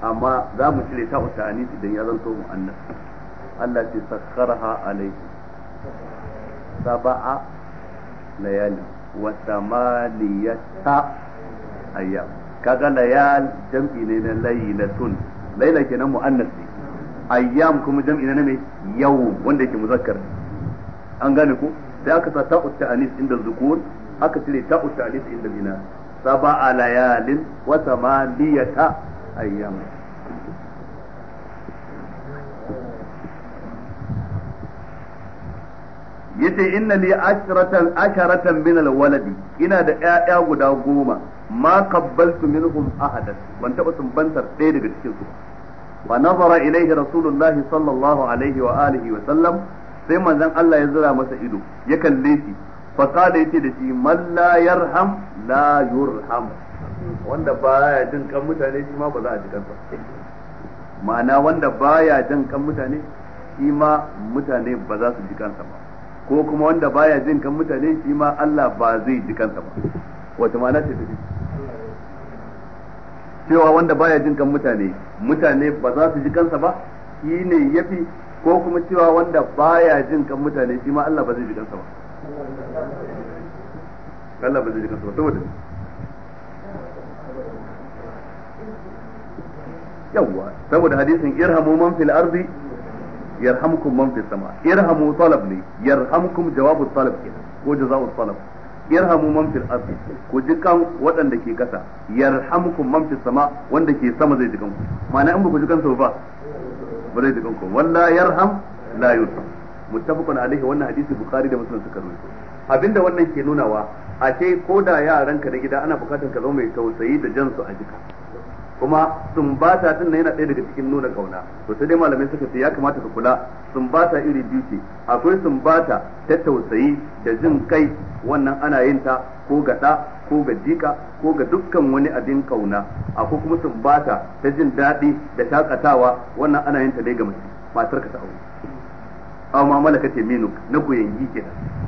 amma za mu cire ta uta anis idan ya zanto mu annan Allah ce sakkaraha alaihi Saba'a layali wa samaniyata ayyam kaga layal jam'i ne na laylatun Layla kenan muannas ne ayyam kuma jam'i ne na me yau wanda yake muzakkar an gane ko Sai aka sa ta'ut ta'anis inda zukun aka cire ta'ut ta'anis inda bina Saba'a layalin wa samaniyata أيام yace inna li ashratan asharatan min alwaladi ina da ƴaƴa guda goma ma qabbaltu minhum ahadan ban taba sumbantar ɗaya daga cikin su fa nazara ilaihi rasulullah sallallahu alaihi wa alihi wa sallam sai manzon Allah ya zura masa ido ya kalle shi fa qala yace da shi man la yarham la yurham wanda baya jin kan mutane shi ma ba za a ji kansa ma'ana wanda baya jin kan mutane shi ma mutane ba za su ji kansa ba ko kuma wanda baya jin kan mutane shi ma Allah ba zai ji kansa ba wata ma'ana ce take cewa wanda baya jin kan mutane mutane ba za su ji kansa ba shi ne yafi ko kuma cewa wanda baya jin kan mutane shi ma Allah ba zai ji kansa ba Allah ba zai ji kansa ba saboda yawa saboda hadisin irhamu man fil ardi yarhamkum man fis sama irhamu talab ne yarhamkum jawabu talab kenan ko jaza'u talab yarhamu man fil ardi ku jikan waɗanda ke kasa yarhamkum man fis sama wanda ke sama zai jikan ku ma'ana in ba ku jikan su ba ba zai jikan ku walla yarham la yusam muttafaqun alaihi wannan hadisi bukhari da muslim suka rawaito abinda wannan ke nunawa a ce ko da yaranka na gida ana bukatar ka zama mai tausayi da jan su a jika kuma sumbata din yana ɗaya daga cikin nuna kauna to sai dai malamai suka ce ya kamata ka kula sumbata iri biyu ce akwai sumbata ta tausayi da jin kai wannan ana yin ta ko ga ɗa ko ga jika ko ga dukkan wani abin kauna akwai kuma sumbata ta jin daɗi da shakatawa wannan ana yin ta dai ga mace matar ka ta aure amma malaka ce minuk na yi kenan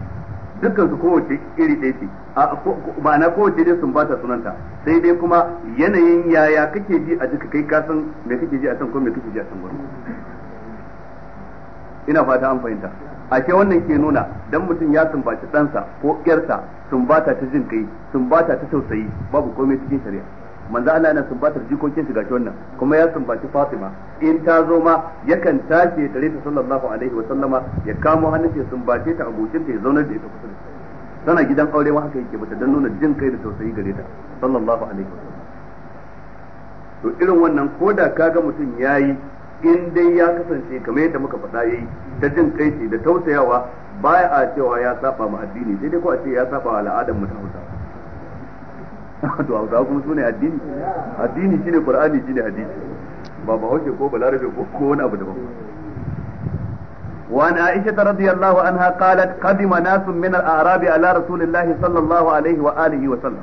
dukkan su kowace iri ɗaya ce ma'ana kowace dai sun bata sunanta sai dai kuma yanayin yaya kake ji a jika kai kasan me kake ji a can ko me kake ji a can gurin ina fata an fahimta ashe wannan ke nuna dan mutum ya sumbaci ɗansa ko sun ba ta jin kai sun ta ta tausayi babu komai cikin shari'a manzo Allah yana sumbatar jikokin shi gashi wannan kuma ya sumbaci Fatima in ta zo ma yakan tashi tare ta sallallahu alaihi wa sallama ya kamo hannun ya sumbace ta abokin ta ya zauna da ita kusa da tana gidan aure ma haka yake bata dan nuna jin kai da tausayi gare ta sallallahu alaihi wa sallam to irin wannan koda kaga mutum yayi in dai ya kasance kamar yadda muka faɗa yayi ta jin kai da tausayawa baya a cewa ya saba ma addini sai dai ko a ce ya saba al'adar mutum ta Hausawa to hausawa kuma sune addini addini shine qur'ani shine hadisi ba ba hauke ko balarabe ko ko wani abu daban وعن عائشة رضي الله عنها قالت قدم ناس من الأعراب على رسول الله صلى الله عليه وآله وسلم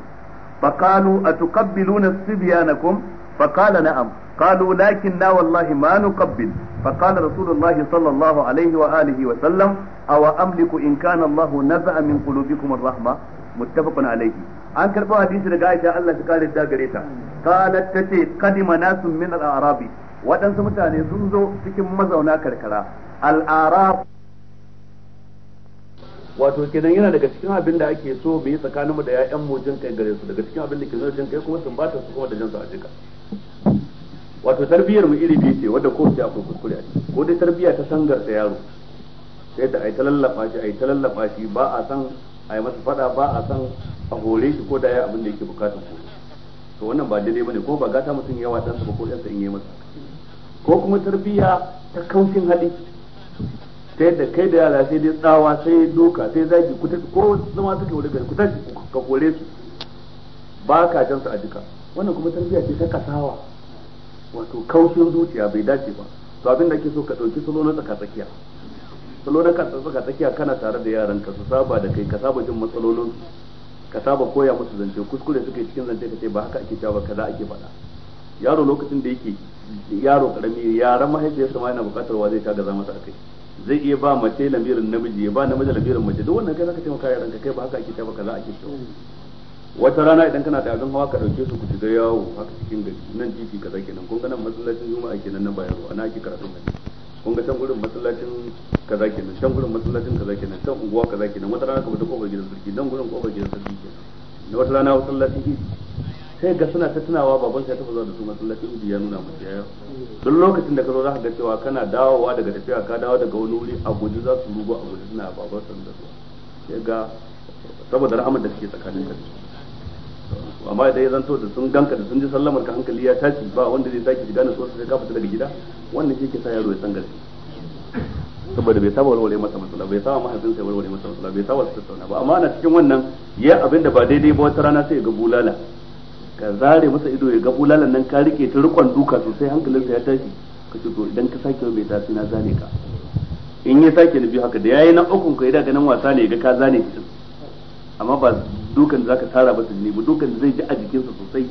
فقالوا أتقبلون صبيانكم فقال نعم قالوا لكننا والله ما نقبل فقال رسول الله صلى الله عليه وآله وسلم أو أملك إن كان الله نزع من قلوبكم الرحمة متفق عليه an karɓo hadisi daga Aisha Allah ta kare da gare ta qalat tace qadima nasun min al-arabi waɗansu mutane sun zo cikin mazauna karkara al-arab wato kenan yana daga cikin abin da ake so mu yi tsakanin mu da ƴaƴan mu jin kai gare su daga cikin abin da ke zo jin kai kuma sun bata su kuma da jin su a jika wato tarbiyyar mu iri biyu ce wadda ko ce akwai kuskure a ciki ko dai tarbiyya ta sangar da yaro sai da ai ta lallafa shi ai ta lallafa shi ba a san a yi masa fada ba a san a hore shi ko da ya abin da yake bukatar horo to wannan ba daidai bane ko ba gata mutum yawa dan sa ba ko dan sa in yi masa ko kuma tarbiyya ta kaushin hali ta yadda kai da yara sai dai tsawa sai doka sai zagi ku ko zama suke wuri gari ku tafi ka kore su ba ka jan su a jika wannan kuma tarbiyya ce ta kasawa wato kaushin zuciya bai dace ba to abin da ake so ka ɗauki salo na tsaka tsakiya matsalolin na kansa suka tsakiya kana tare da yaran ka su saba da kai ka saba jin matsalolin ka saba koya musu zance kuskure suka yi cikin zance ka ce ba haka ake cewa ba kaza ake faɗa yaro lokacin da yake yaro karami yaran mahaifiyarsa ma yana buƙatar wa zai tagaza masa akai zai iya ba mace lamirin namiji ya ba namiji lamirin mace duk wannan kai zaka maka yaran ka kai ba haka ake cewa kaza ake cewa wata rana idan kana da abin hawa ka dauke su ku shiga yawo haka cikin gari nan titi kaza kenan kun ga nan masallacin juma'a kenan na bayarwa ana ake karatu hadisi kun ga can gurin masallacin kaza kenan can gurin masallacin kaza kenan can unguwa kaza kenan wata rana ka bata kofar gidan sarki nan gurin kofar gidan sarki kenan na wata rana masallacin idi sai ga suna ta tunawa baban sai ta zo da su masallacin idi ya nuna musu yaya duk lokacin da ka zo za ka ga cewa kana dawowa daga tafiya ka dawo daga wani wuri a guji za su rugo a guji suna baban san da su sai ga saboda rahmar da suke tsakanin ka amma idan ya zanto da sun ganka da sun ji sallamar ka hankali ya tashi ba wanda zai sake shiga na so sai ka fita daga gida wannan shi ke sa yaro ya tsangar saboda bai saba warware masa matsala bai saba mahaifin sai warware masa matsala bai saba su tattauna ba amma ana cikin wannan ya abin da ba daidai ba wata rana sai ya ga bulala ka zare masa ido ya ga bulalan nan ka rike ta rikon duka sosai hankalinsa ya tashi ka ce to idan ka sake bai tashi na zane ka in ya sake na biyu haka da yayi na ukun ka ya daga nan wasa ne ya ga ka zane shi amma ba dukan da zaka tara ba ne ba dukan da zai ji a jikinsa sosai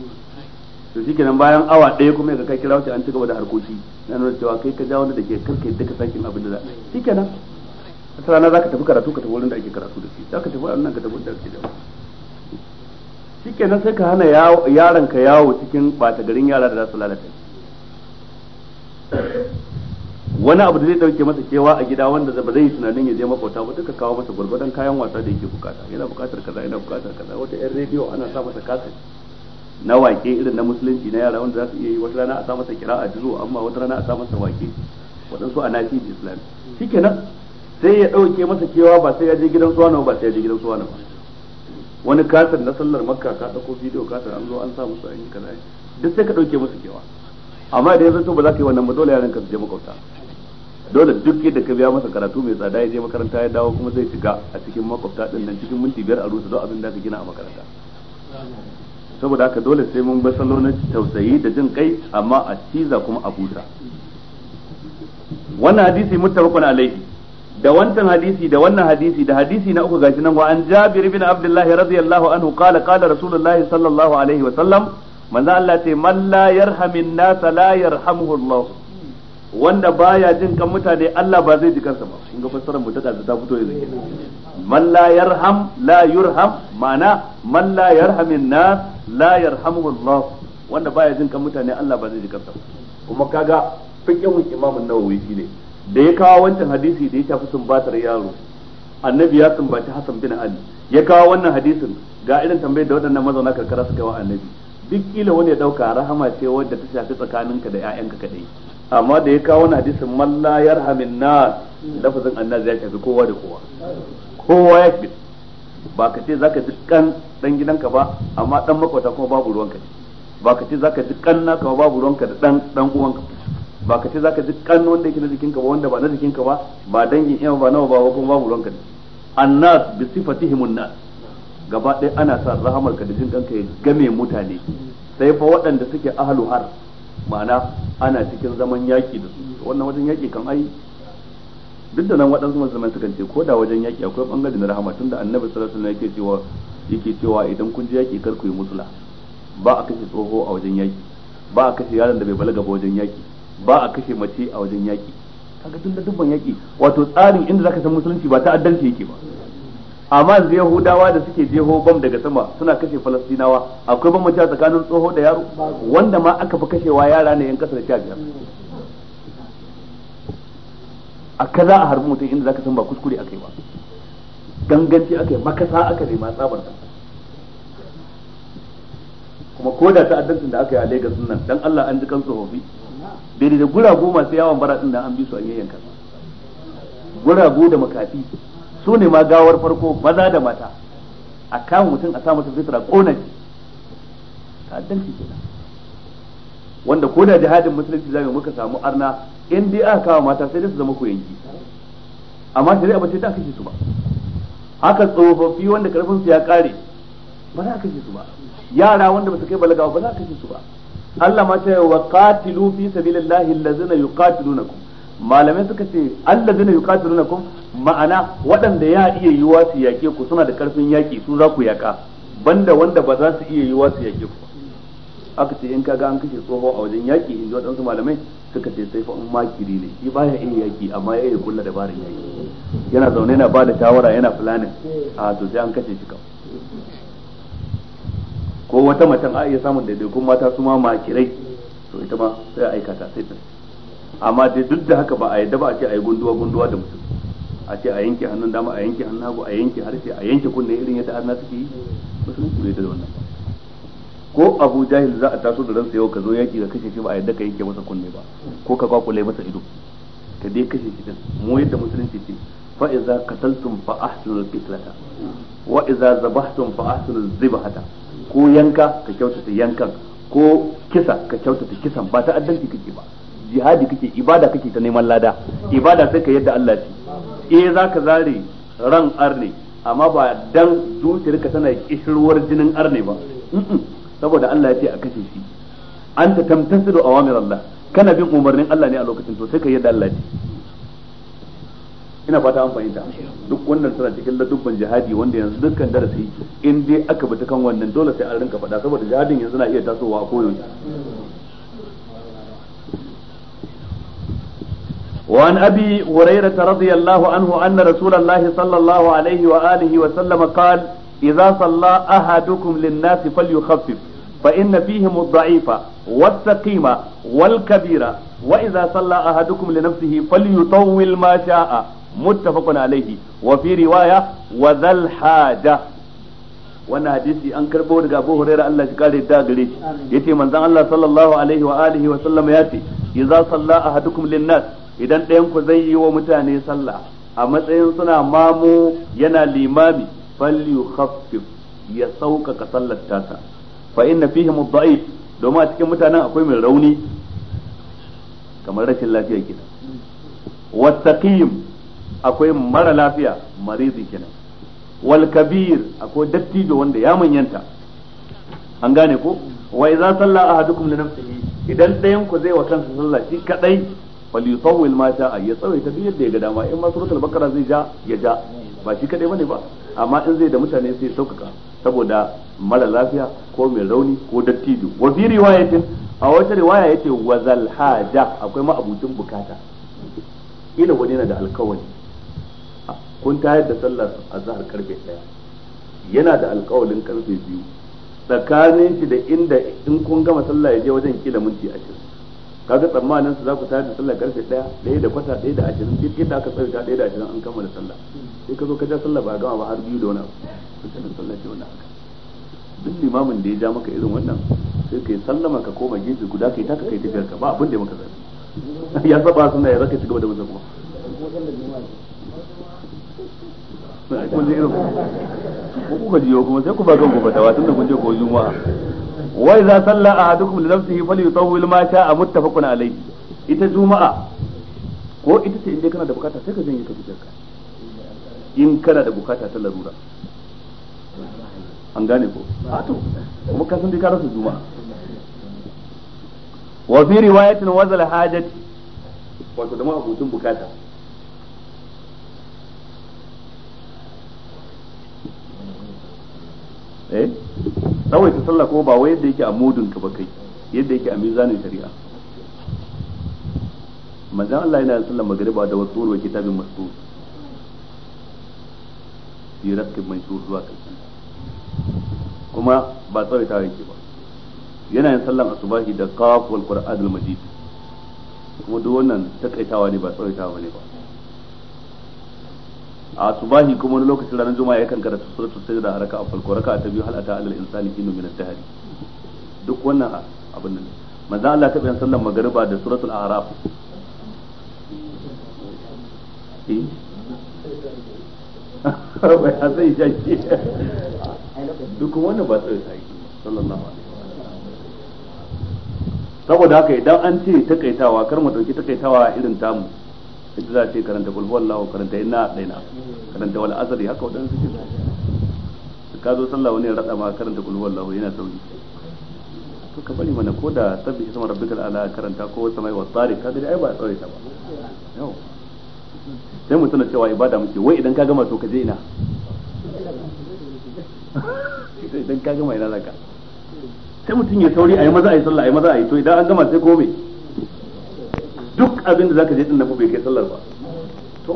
to shikenan bayan awa ɗaya kuma ga ka kira wuce an ci gaba da harkoki na nuna cewa kai ka ja wani da ke karkai duka sakin abin da za shikenan na rana zaka tafi karatu ka tafi wurin da ake karatu da shi zaka tafi annan ka tafi da ake da shikenan sai ka hana yaron ka yawo cikin bata garin yara da za su lalata wani abu da zai dauke masa kewa a gida wanda ba zai yi tunanin ya je makota ba duka kawo masa gurgurdan kayan wasa da yake bukata yana bukatar kaza yana bukatar kaza wata yan rediyo ana sa masa kasa na wake irin na musulunci na yara wanda za su iya yi wata rana a sa masa kira a juzo amma wata rana a sa masa wake waɗansu a nafi islam shikenan sai ya dauke masa kewa ba sai ya je gidan suwa ba sai ya je gidan suwa ba wani kasar na sallar makka ka dauko bidiyo kasar an zo an sa musu an yi kaza duk sai ka dauke masa kewa amma da yanzu to ba za ka yi wannan ba dole yaran ka su je makauta dole duk yadda ka biya masa karatu mai tsada ya je makaranta ya dawo kuma zai shiga a cikin makwabta din nan cikin minti biyar a rusa don abin da ka gina a makaranta saboda haka dole sai mun bar salo na tausayi da jin kai amma a ciza kuma a busa wannan hadisi muttafaqun alaihi da wancan hadisi da wannan hadisi da hadisi na uku gashi nan wa an Jabir ibn Abdullah radiyallahu anhu qala qala Rasulullahi sallallahu alaihi wa sallam manzo Allah ce man la yarhamin nas la yarhamuhu wanda baya jin kan mutane Allah ba zai ji kansa ba in ga fassarar mu ta kaza ta fito yanzu man la yarham la yurham ma'ana man la yarhamin nas la yarhamu Allah wanda baya jin kan mutane Allah ba zai ji kansa ba kuma kaga mu Imam Nawawi shine da ya kawo wancan hadisi da ya tafi sumbatar yaro annabi ya sumbaci Hassan bin Ali ya kawo wannan hadisin ga irin tambayar da waɗannan mazauna karkara suka yi wa annabi duk kila wani ya dauka rahama ce wadda ta shafi tsakaninka da 'ya'yanka kadai amma da ya kawo wani hadisin malla yarhamin na lafazin annas ya shafi kowa da kowa kowa ya fi ba ka ce zaka ji kan dan gidanka ba amma dan makwata kuma babu ruwanka ba ka ce zaka ji kan naka ba babu ruwanka da dan dan uwanka ba ka ce zaka ji kan wanda yake na jikinka ba wanda ba na jikinka ba ba dangin iyawa ba nawa ba kuma babu ruwanka annas bi sifatihimun nas gaba ɗaya ana sa rahamar ka da jin kanka ya game mutane sai fa waɗanda suke ahlu har ma'ana ana cikin zaman yaƙi da su wannan wajen yaƙi kan ai duk da nan waɗansu musulmai sukan ce ko da wajen yaƙi akwai bangare na rahama tunda annabi sallallahu alaihi wasallam yake cewa yake cewa idan kun je yaƙi kar ku yi musula ba a kashe tsoho a wajen yaƙi ba a kashe yaron da bai balaga ba wajen yaƙi ba a kashe mace a wajen yaƙi kaga tunda dubban yaƙi wato tsarin inda zaka san musulunci ba ta addanci yake ba amma yanzu yahudawa da suke jeho bam daga sama suna kashe falastinawa akwai bambanci tsakanin tsoho da yaro wanda ma aka fi kashewa yara ne yan kasa da sha biyar a kaza a harbi mutum inda zaka san ba kuskure aka yi ba ganganci aka yi makasa aka yi ma tsabar kuma ko da ta'addancin da aka yi a Lagos nan dan Allah an ji kan tsofaffi bai da guragu masu yawan bara din da an bi su a yayyanka guragu da makafi su ne ma gawar farko maza da mata a kama mutum a sa masa fitra kona shi ta'addanci kenan wanda ko da jihadin musulunci zai muka samu arna in dai aka kawo mata sai dai su zama koyanki amma shari'a ba ce ta kashe su ba haka tsofaffi wanda karfin su ya kare ba za a kashe su ba yara wanda ba su kai balaga ba za a kashe su ba Allah ma ta wa qatilu fi sabilillahi allazina yuqatilunakum malamai suka ce allazina yuqatilunakum ma'ana waɗanda ya iya yiwa su yaƙe ku suna da ƙarfin yaƙi su za ku yaƙa banda wanda ba za su iya yiwa su yaƙe ku aka ce in kaga an kashe tsoho a wajen yaƙi in ji waɗansu malamai suka ce sai fa in makiri ne shi baya iya yaƙi amma ya iya kulla dabarin yaƙi yana zaune yana ba da shawara yana planning a to sai an kashe shi kam ko wata macen a iya samun daidaikun mata su ma makirai to ita ma sai a aikata sai ta amma dai duk da haka ba a yadda ba a ce a yi gunduwa gunduwa da mutum a ce a yanke hannun dama a yanke hannun hagu a yanke harshe a yanke kunne irin yadda arna suke yi musulunci bai da wannan ko abu jahil za a taso da ransa yau ka zo yaki da kashe shi ba a yadda ka yanke masa kunne ba ko ka kwakule masa ido ka dai kashe shi din mu yadda musulunci ce fa iza qataltum fa ahsinu qitlata wa iza zabahtum fa ahsinu zibhata ko yanka ka kyautata yankan ko kisa ka kyautata kisan ba ta addanci kake ba jihadi kake ibada kake ta neman lada ibada sai ka yadda Allah ce eh zaka zare ran arne amma ba dan ka tana kishirwar jinin arne ba saboda Allah ya ce a kashe shi an ta tamtasu da awamir Allah kana bin umarnin Allah ne a lokacin to sai ka yadda Allah ce ina fata an fahimta duk wannan tana cikin ladubban jihadi wanda yanzu dukkan darasi in dai aka bi ta kan wannan dole sai an rinka faɗa saboda jihadin yanzu na iya tasowa a koyaushe وعن أبي هريرة رضي الله عنه أن رسول الله صلى الله عليه وآله وسلم قال إذا صلى أحدكم للناس فليخفف فإن فيهم الضعيف والسقيم والكبير وإذا صلى أحدكم لنفسه فليطول ما شاء متفق عليه وفي رواية وذا الحاجة wannan hadisi an karbo daga Abu Hurairah Allah shi kare da gare shi yace manzon Allah sallallahu alaihi wa alihi wa sallam ya ce idza salla ahadukum lin nas idan ɗayan ku zai yi wa mutane sallah a matsayin suna mamu yana limami khaffif ya sauƙaƙa sallar tasa fa inna fihi mudda'if domin a cikin mutanen akwai mai rauni kamar rashin lafiya kenan wattaqim akwai mara lafiya marizi kenan wal kabir akwai dattijo wanda ya manyanta an gane ko wa idza salla ahadukum li nafsihi idan ɗayan ku zai wa kansa sallah shi kadai falyutawwil ma a ya tsawaita duk yadda ya ga dama in ma suratul bakara zai ja ya ja ba shi kadai bane ba amma in zai da mutane sai sauƙaƙa saboda mara lafiya ko mai rauni ko dattijo wa fi riwayatin a wata riwaya yace wa zal haja akwai ma abucin bukata ila wani yana da alkawari kun tayar da sallar azhar karfe 1 yana da alkawalin karfe 2 tsakanin shi da inda in kun gama sallah ya je wajen kila minti 20 kaga tsammanin su za ku tare da sallah karfe daya daya da kwata daya da 20 duk inda aka tsaye ta daya da 20 an kammala sallah sai ka zo ka ja sallah ba gama ba har biyu da wani abu sai sallah ce wannan haka duk limamin da ya ja maka irin wannan sai kai sallama ka koma gefe guda kai taka kai tafiyar ka ba abin da ya maka zafi (laughs) ya saba suna ya zaka ci gaba da masa kuma kun je irin ku ku kuka jiyo kuma sai ku ba kanku fatawa da kun je ko juma'a wa idza salla ahadukum li nafsihi falyutawwil ma sha'a muttafaqun alayhi ita juma'a ko ita ce inda kana da bukata sai ka janye ka fitar ka in kana da bukata ta larura an gane ko a ah, to kuma ka san dai ka rasa juma'a wa fi riwayatin wazal hajati wato da ma hutun bukata eh tsawaita sallah ko ba wai yadda yake a mudun ka ba kai yadda yake a mizanin shari'a manzon Allah yana sallar magriba da wasu wa kitabin yi fi mai su zuwa kai kuma ba tsawaita yake ba yana yin sallan asubahi da qaf wal al majid kuma duk wannan takaitawa ne ba tsawaitawa ne ba a subahi kuma wani lokacin ranar juma'a yakan karanta suratul sajda a farko raka'a ta biyu hal ata alal insani hinu min ad-dahri duk wannan abin nan manzo Allah ta bayan sallar magriba da suratul a'raf eh wai (laughs) jaki duk wannan ba sai sallallahu alaihi saboda haka idan an ce takaitawa kar mu dauki takaitawa irin tamu yanzu za a ce karanta kulhu Allah karanta inna daina karanta wal asri haka wadansu suke so ka zo sallah wani ya rada ma karanta kulhu Allah yana sauri to ka bari mana koda sabbi sama rabbikal ala karanta ko wata mai wasari ka ga ai ba tsare ta ba yau sai mutuna cewa ibada muke wai idan ka gama to ka je ina (laughs) idan ka gama ina zaka sai mutum ya sauri a yi maza a yi sallah a yi maza a yi to idan an gama sai ko me duk abin da zaka je din nan bai kai sallar ba to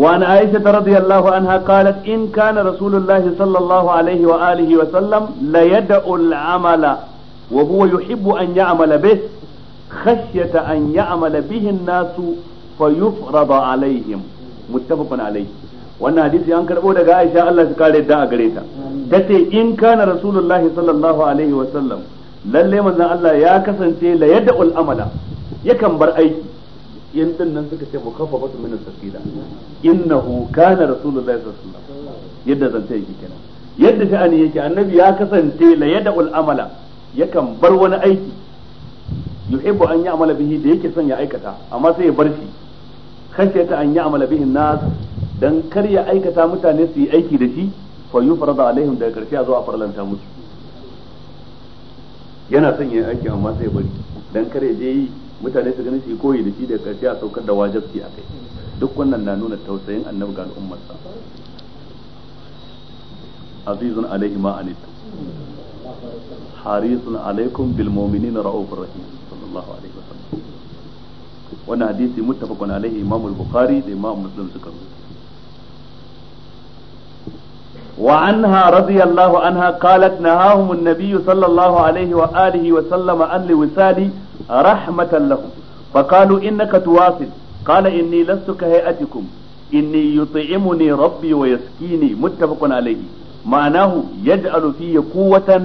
وعن عائشة رضي الله عنها قالت إن كان رسول الله صلى الله عليه وآله وسلم ليدع العمل وهو يحب أن يعمل به خشية أن يعمل به الناس فيفرض عليهم متفق عليه wannan hadisi an karbo daga Aisha Allah ya kare da a gare ta tace in kana rasulullahi sallallahu alaihi wa sallam lalle manzon Allah ya kasance la yad'ul amala yakan bar aiki in din nan suka ce mukaffafatu min as-sakila innahu kana rasulullahi sallallahu alaihi wa sallam yadda zance yake kenan yadda sha'ani yake annabi ya kasance la yad'ul amala yakan bar wani aiki yuhibbu an ya'mala bihi da yake son ya aikata amma sai ya bar shi ta an ya'mala bihi nas dan kar ya aikata mutane su yi aiki da shi fa yufrada alaihim daga karshe a zo a farlanta musu yana son yin aiki amma sai bari dan kar ya je yi mutane su gani su yi koyi da shi daga karshe a saukar da wajibi a kai duk wannan na nuna tausayin annabi ga al'ummarsa azizun alaihi ma anittu harisun alaikum bil mu'minina ra'ufur rahim sallallahu alaihi wasallam wannan hadisi muttafaqun alaihi imam al-bukhari da imam muslim suka rubuta وعنها رضي الله عنها قالت نهاهم النبي صلى الله عليه وآله وسلم عن الوسال رحمة لهم فقالوا إنك تواصل قال إني لست كهيئتكم إني يطعمني ربي ويسكيني متفق عليه معناه يجعل فيه قوة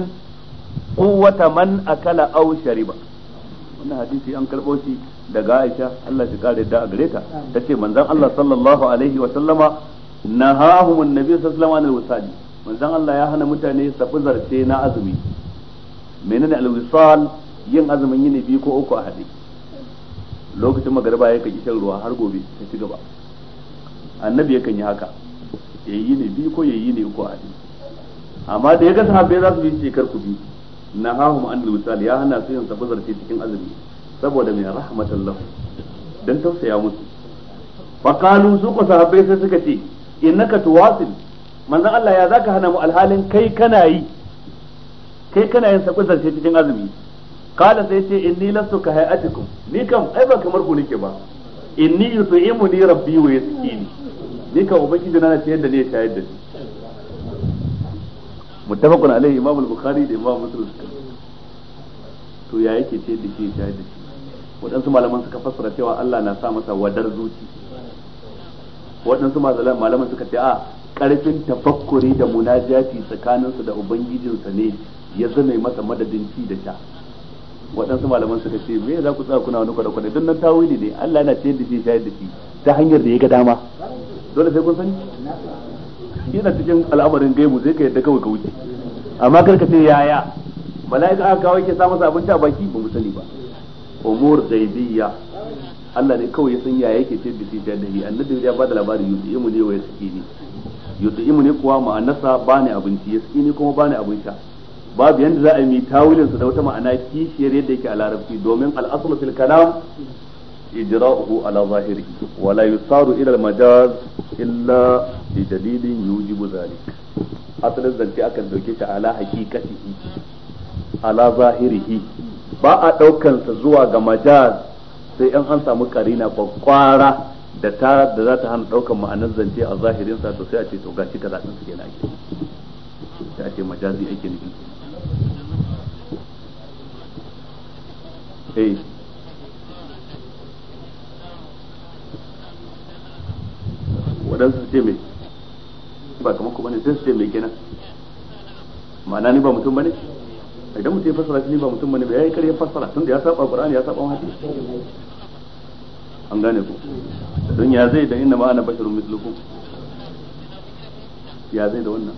قوة من أكل أو شرب wannan hadisi an karɓo shi daga Aisha Allah shi kare da a gare ta tace manzon Allah sallallahu alaihi wa sallama nahahum annabi sallallahu alaihi wasallam manzon Allah ya hana mutane sabu zarce na azumi menene alwisal yin azumin yini biyu ko uku a hade lokacin magariba ya kai shan ruwa har gobe ta ci gaba annabi ya yi haka yayi ne biyu ko yayi ne uku a hade amma da ya ga sahabbai za su yi shekar ku bi nahahum an alwisal ya hana su yin sabu zarce cikin azumi saboda mai rahmatan dan tausaya musu fa su ko sahabbai sai suka ce innaka tuwasil manzon Allah ya zaka hana mu alhalin kai kana yi kai kana yin sakon zance cikin azumi kala sai ce inni lasu ka hayatikum ni kam ai ba kamar ku nake ba inni yut'imu ni rabbi wa yasqini ni kam ubangiji na ce yadda ne ya shayar da ni muttafaqun alaihi imam al-bukhari da imam muslim to ya yake ce da shi ya shayar da shi waɗansu malaman suka fassara cewa Allah na sa masa wadar zuci waɗansu malaman suka ce a ƙarfin tafakkuri da munajati tsakaninsu da ubangijinsa ne ya zame masa madadin ci da sha waɗansu malaman suka ce me za ku tsaya kuna wani kwada-kwada don nan tawili ne Allah yana ciyar da shi shayar da shi ta hanyar da ya ga dama dole sai kun sani yana cikin al'amarin gaibu sai ka yadda kawai ka wuce amma karka ce yaya mala'ika aka kawo yake sa masa abinci a baki ba mu sani ba umur ghaibiyya Allah ne kawai ya san ya yake ce da yi annabi ya bada labari imu ne wa yaskini yusimu ne kuwa ma'anarsa bani abinci ne kuma bani abin sha babu yanda za a yi tawilin su da wata ma'ana kishiyar yadda yake a larabci domin al'asul fil kalam ijra'uhu ala zahiri wa la yusaru ila al-majaz illa bi dalilin yujibu zalik asalin zance akan dauke ta ala haqiqatihi ala zahirihi ba a daukan sa zuwa ga majaz sai in an samu karina kwakwara da ta da za ta hana daukan ma'anar zance a zahirin sa to sai a ce to gashi kaza din su kenan ake sai a ce majazi ake nufi eh wadan su ce me ba kamar ku bane sai su ce me kenan ma'ana ni ba mutum bane idan mutum ya fassara shi ni ba mutum bane ba yayi ƙarya fassara tunda ya saba qur'ani ya saba hadisi an gane ku don ya zai da inna ma ana bashirin mislukum ya zai da wannan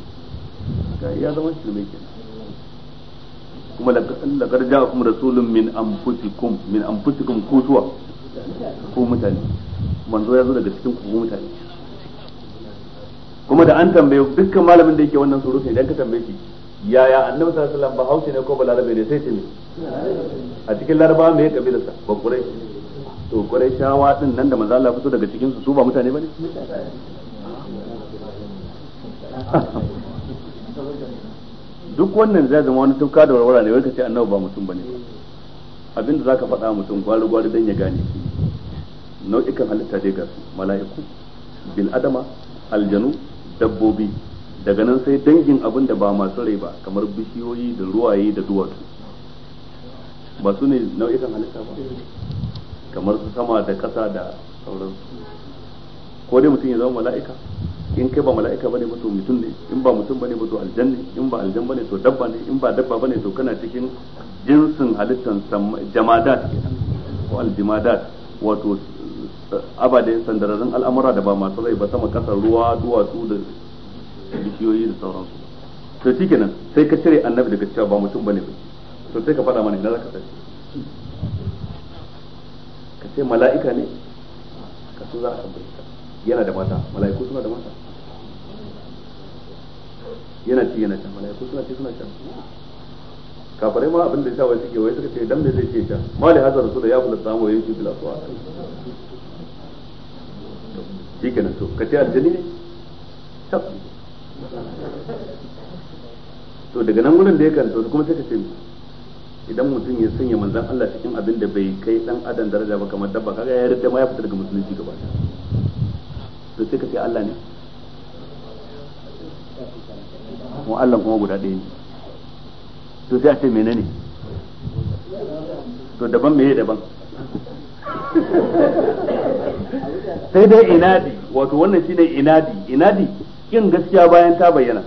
ga ya zama mai kenan kuma laqad kuma rasulun min anfusikum min anfusikum kutuwa ko mutane manzo ya zo daga cikin ku mutane kuma da an tambaye dukkan malamin da yake wannan sai idan ka tambaye shi yaya annabi sallallahu alaihi wasallam ba hausa ne ko balarabe ne sai ce ne a cikin larabawa me ya kabilarsa ba kurai to ƙwarai shawa ɗin nan da maza Allah fito daga cikin su ba mutane ba ne. duk wannan zai zama wani tufka da warwara ne wai ka ce annabi ba mutum bane abinda zaka faɗa mutum gwari gwari dan ya gane nau'ikan halitta dai ga mala'iku bil adama aljanu dabbobi daga nan sai dangin abin da ba masu rai ba kamar bishiyoyi da ruwaye da duwatsu ba su ne nau'ikan halitta ba kamar su sama da kasa da sauransu ko dai mutum ya zama mala'ika in kai ba mala'ika bane ba to mutum ne in ba mutum bane ba to ne in ba aljan bane to dabba ne in ba dabba bane to kana cikin jinsin halittan jamadat ko aljimadat wato abadin sandararin al'amura da ba masu rai ba sama kasar ruwa duwatsu da bishiyoyi da sauransu to shikenan sai ka cire annabi daga cewa ba mutum bane ba to sai ka faɗa mana idan zaka tashi sai mala'ika ne ka so za a tambaye ka yana da mata mala'iku suna da mata yana ci yana can mala'iku suna ci suna can kafare ma abin da shawai suke wai suka ce dan da zai ce ta mali hazar su da ya bula samu yayin shi bila suwa shi ke nan to ka ce aljani ne to daga nan gurin da ya kanta kuma sai ka ce idan mutum ya sanya manzan Allah cikin abin da bai kai dan adam daraja ba kamar dabba kaga ya rida ma ya fita daga musulunci gaba to sai ka ce Allah ne mu Allah kuma guda ɗaya ne to sai a ce menene to daban meye daban (laughs) sai dai inadi wato wannan shine inadi inadi kin gaskiya bayan ta bayyana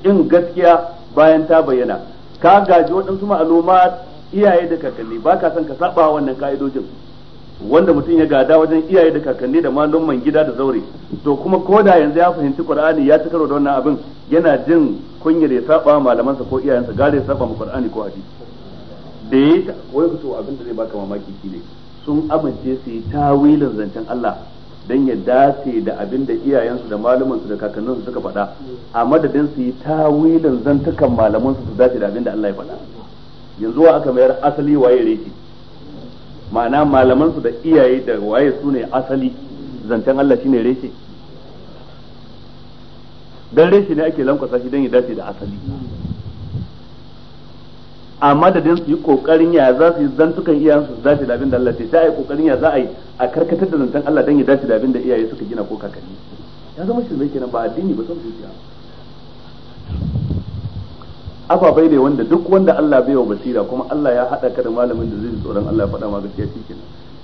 kin gaskiya bayan ta bayyana ka gaji waɗansu ma'aluma iyaye da kakanni ba ka son ka saba wannan ka'idojin wanda mutum ya gada wajen iyaye da kakanni da malumman gida da zaure to kuma ko da yanzu ya fahimci qur'ani ya ci karo da wannan abin yana jin kunyar ya saba malamansa ko iyayensa gare ya saba ma qur'ani ko hadisi da yayi wai ku so abin da zai baka mamaki ne sun amince su yi tawilin zancen Allah dan ya dace da abin da iyayensu da malumansu da kakanninsu suka faɗa a madadin su yi tawilin zantukan malamansu su dace da abin da Allah ya faɗa yanzu wa aka mayar asali waye reki ma'ana malamansu da iyaye da waye su ne asali zancen Allah shine reshe dan reshe ne ake lankwasa shi dan ya dace da asali da dai su yi kokarin ya za su yi zantukan iyayen su dace da abin da Allah ce sai ai kokarin ya za a yi a karkatar da zantan Allah dan ya dace da abin da iyaye suka gina ko kakanni ya zama shi shirme kenan ba addini ba son zuciya bai da wanda duk wanda Allah bai wa basira kuma Allah ya hada ka da malamin da zai tsoron Allah faɗa ma gaskiya cikin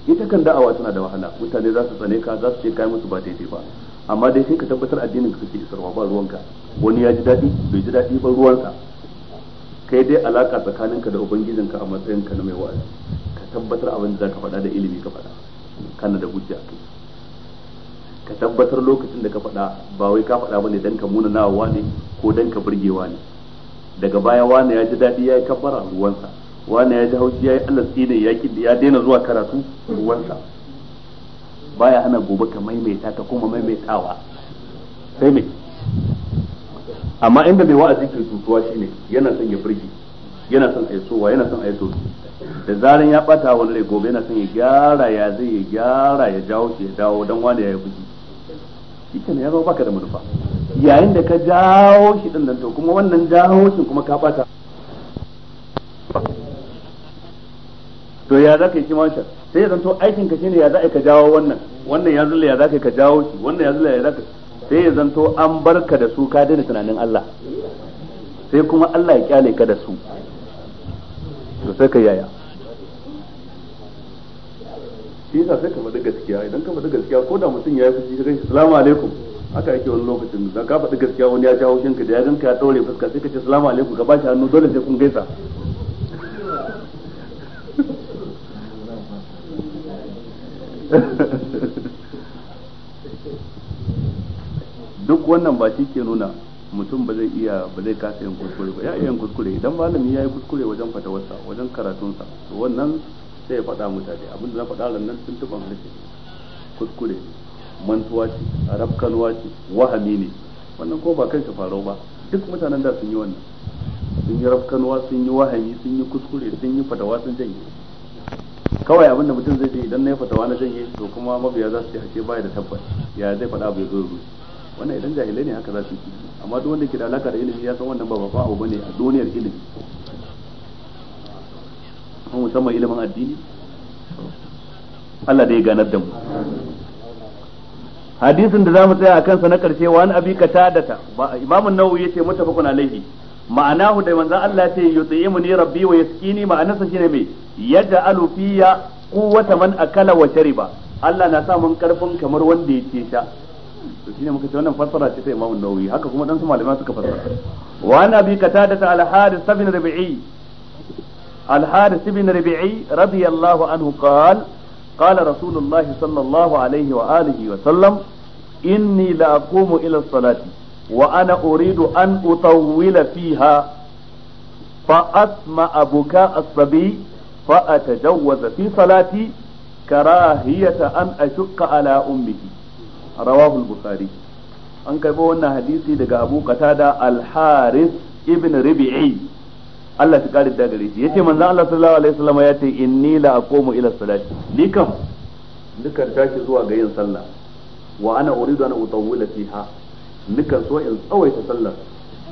ita kan da'awa tana da wahala mutane za su tsane ka za su ce kai musu ba daidai ba amma dai sai ka tabbatar addinin ka kake isarwa ba ruwanka wani ya ji daɗi bai ji daɗi ba ruwansa kai dai alaka tsakaninka da ubangijinka a matsayinka na mai wa'azi ka tabbatar abin da zaka faɗa da ilimi ka faɗa kana da hujja kai ka tabbatar lokacin da ka faɗa ba wai ka faɗa bane dan ka munana wa ne ko dan ka burgewa ne daga baya wani ya ji daɗi ya yi kabbara ruwansa wani ya ji haushi ya yi Allah tsine ya ya daina zuwa karatu ruwansa baya hana gobe ka maimaita ta kuma maimaitawa sai mai amma inda mai wa'azi ke tutuwa shine yana son ya burge yana son a yi sowa yana son a yi soki da zaran ya bata wani rai gobe yana son ya gyara ya zai ya gyara ya jawo shi ya dawo dan wani ya yi fushi shi ya zama baka da manufa yayin da ka jawo shi din nan to kuma wannan jawo shi kuma ka bata to ya za ka yi kima sai ya zanto aikin ka shine ya za ka jawo wannan wannan ya zulla ya za ka jawo shi wannan ya zulla ya za ka sai ya zanto an barka da su ka daina tunanin Allah sai kuma Allah ya kyale ka da su to sai ka yaya shi yasa sai ka madu gaskiya idan ka madu gaskiya ko da mutum ya yi fushi ka gaishe salamu alaikum haka yake wani lokacin da ka faɗi gaskiya wani ya jawo shinka da ya ganka ya ɗaure fuska sai ka ce salamu alaikum ka bashi hannu dole sai kun gaisa (laughs) duk wannan ba shi ke nuna mutum ba zai iya ba zai kasa yin kuskure ba ya iya yin kuskure idan malami ya yi kuskure wajen fatawarsa wajen karatunsa to wannan sai ya faɗa mutane abinda na faɗa ranar tuntuɓan harshe kuskure mantuwa ce arabkanuwa ce wahami ne wannan ko ba kansa farau ba duk mutanen da sun yi wannan sun yi rafkanuwa sun yi wahami sun yi kuskure sun yi fatawa sun janye kawai abin da mutum zai je idan na yi fatawa na janye to kuma mabiya za su ce hake baya da tabbas ya zai faɗa bai zo zuci wannan idan jahilai ne haka za su yi amma duk wanda ke da alaka da ilimi ya san wannan ba babba abu bane a duniyar ilimi kuma musamman ilimin addini Allah da ya ganar da mu hadisin da zamu tsaya akan sa na karshe wa an abi katadata imam an-nawawi yace mutafaqun alaihi ma'anahu da manzo Allah yace yut'imuni rabbi wa yaskini sa shine me yaj'alu fiya quwwata man akala wa shariba Allah na sa mun karfin kamar wanda ya ce sha to shine muka ce wannan fassara ce ta Imam Nawawi haka kuma dan su malaman suka fassara wa an abi ta al-harith ibn rabi'i al ibn rabi'i radiyallahu anhu qala qala rasulullah sallallahu alaihi wa alihi wa sallam inni la aqumu ila salati wa ana uridu an utawwila fiha فأسمع بكاء fa فأتجوز في صلاتي كراهية an أشق ala ummiki. rawahu al-bukhari an karbo wannan hadisi daga Abu Qatada al-Haris ibn Rabi'i Allah ya kare da gare shi yace manzon Allah sallallahu alaihi wasallam ya ce inni la aqumu ila salati ni kam tashi zuwa ga yin sallah wa ana uridu an utawwila fiha nikan so in tsawaita sallar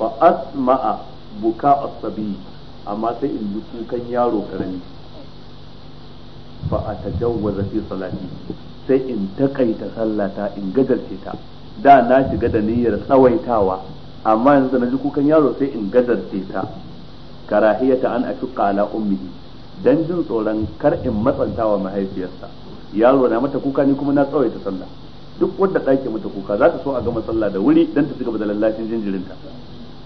fa asma'a buka asabi amma sai in ji kukan yaro karami fa atajawwaza fi salati sai in takaita ta in gajarce ta da na shiga da niyyar tsawaitawa amma yanzu na ji kukan yaro sai in gajarce ta karahiyata an ashqa ala ummihi dan jin tsoron kar in matsantawa mahaifiyarsa yaro na mata kuka ni kuma na tsawaita sallah duk wanda dake mata kuka za ta so a gama sallah da wuri dan ta ci gaba da lallacin jinjirinta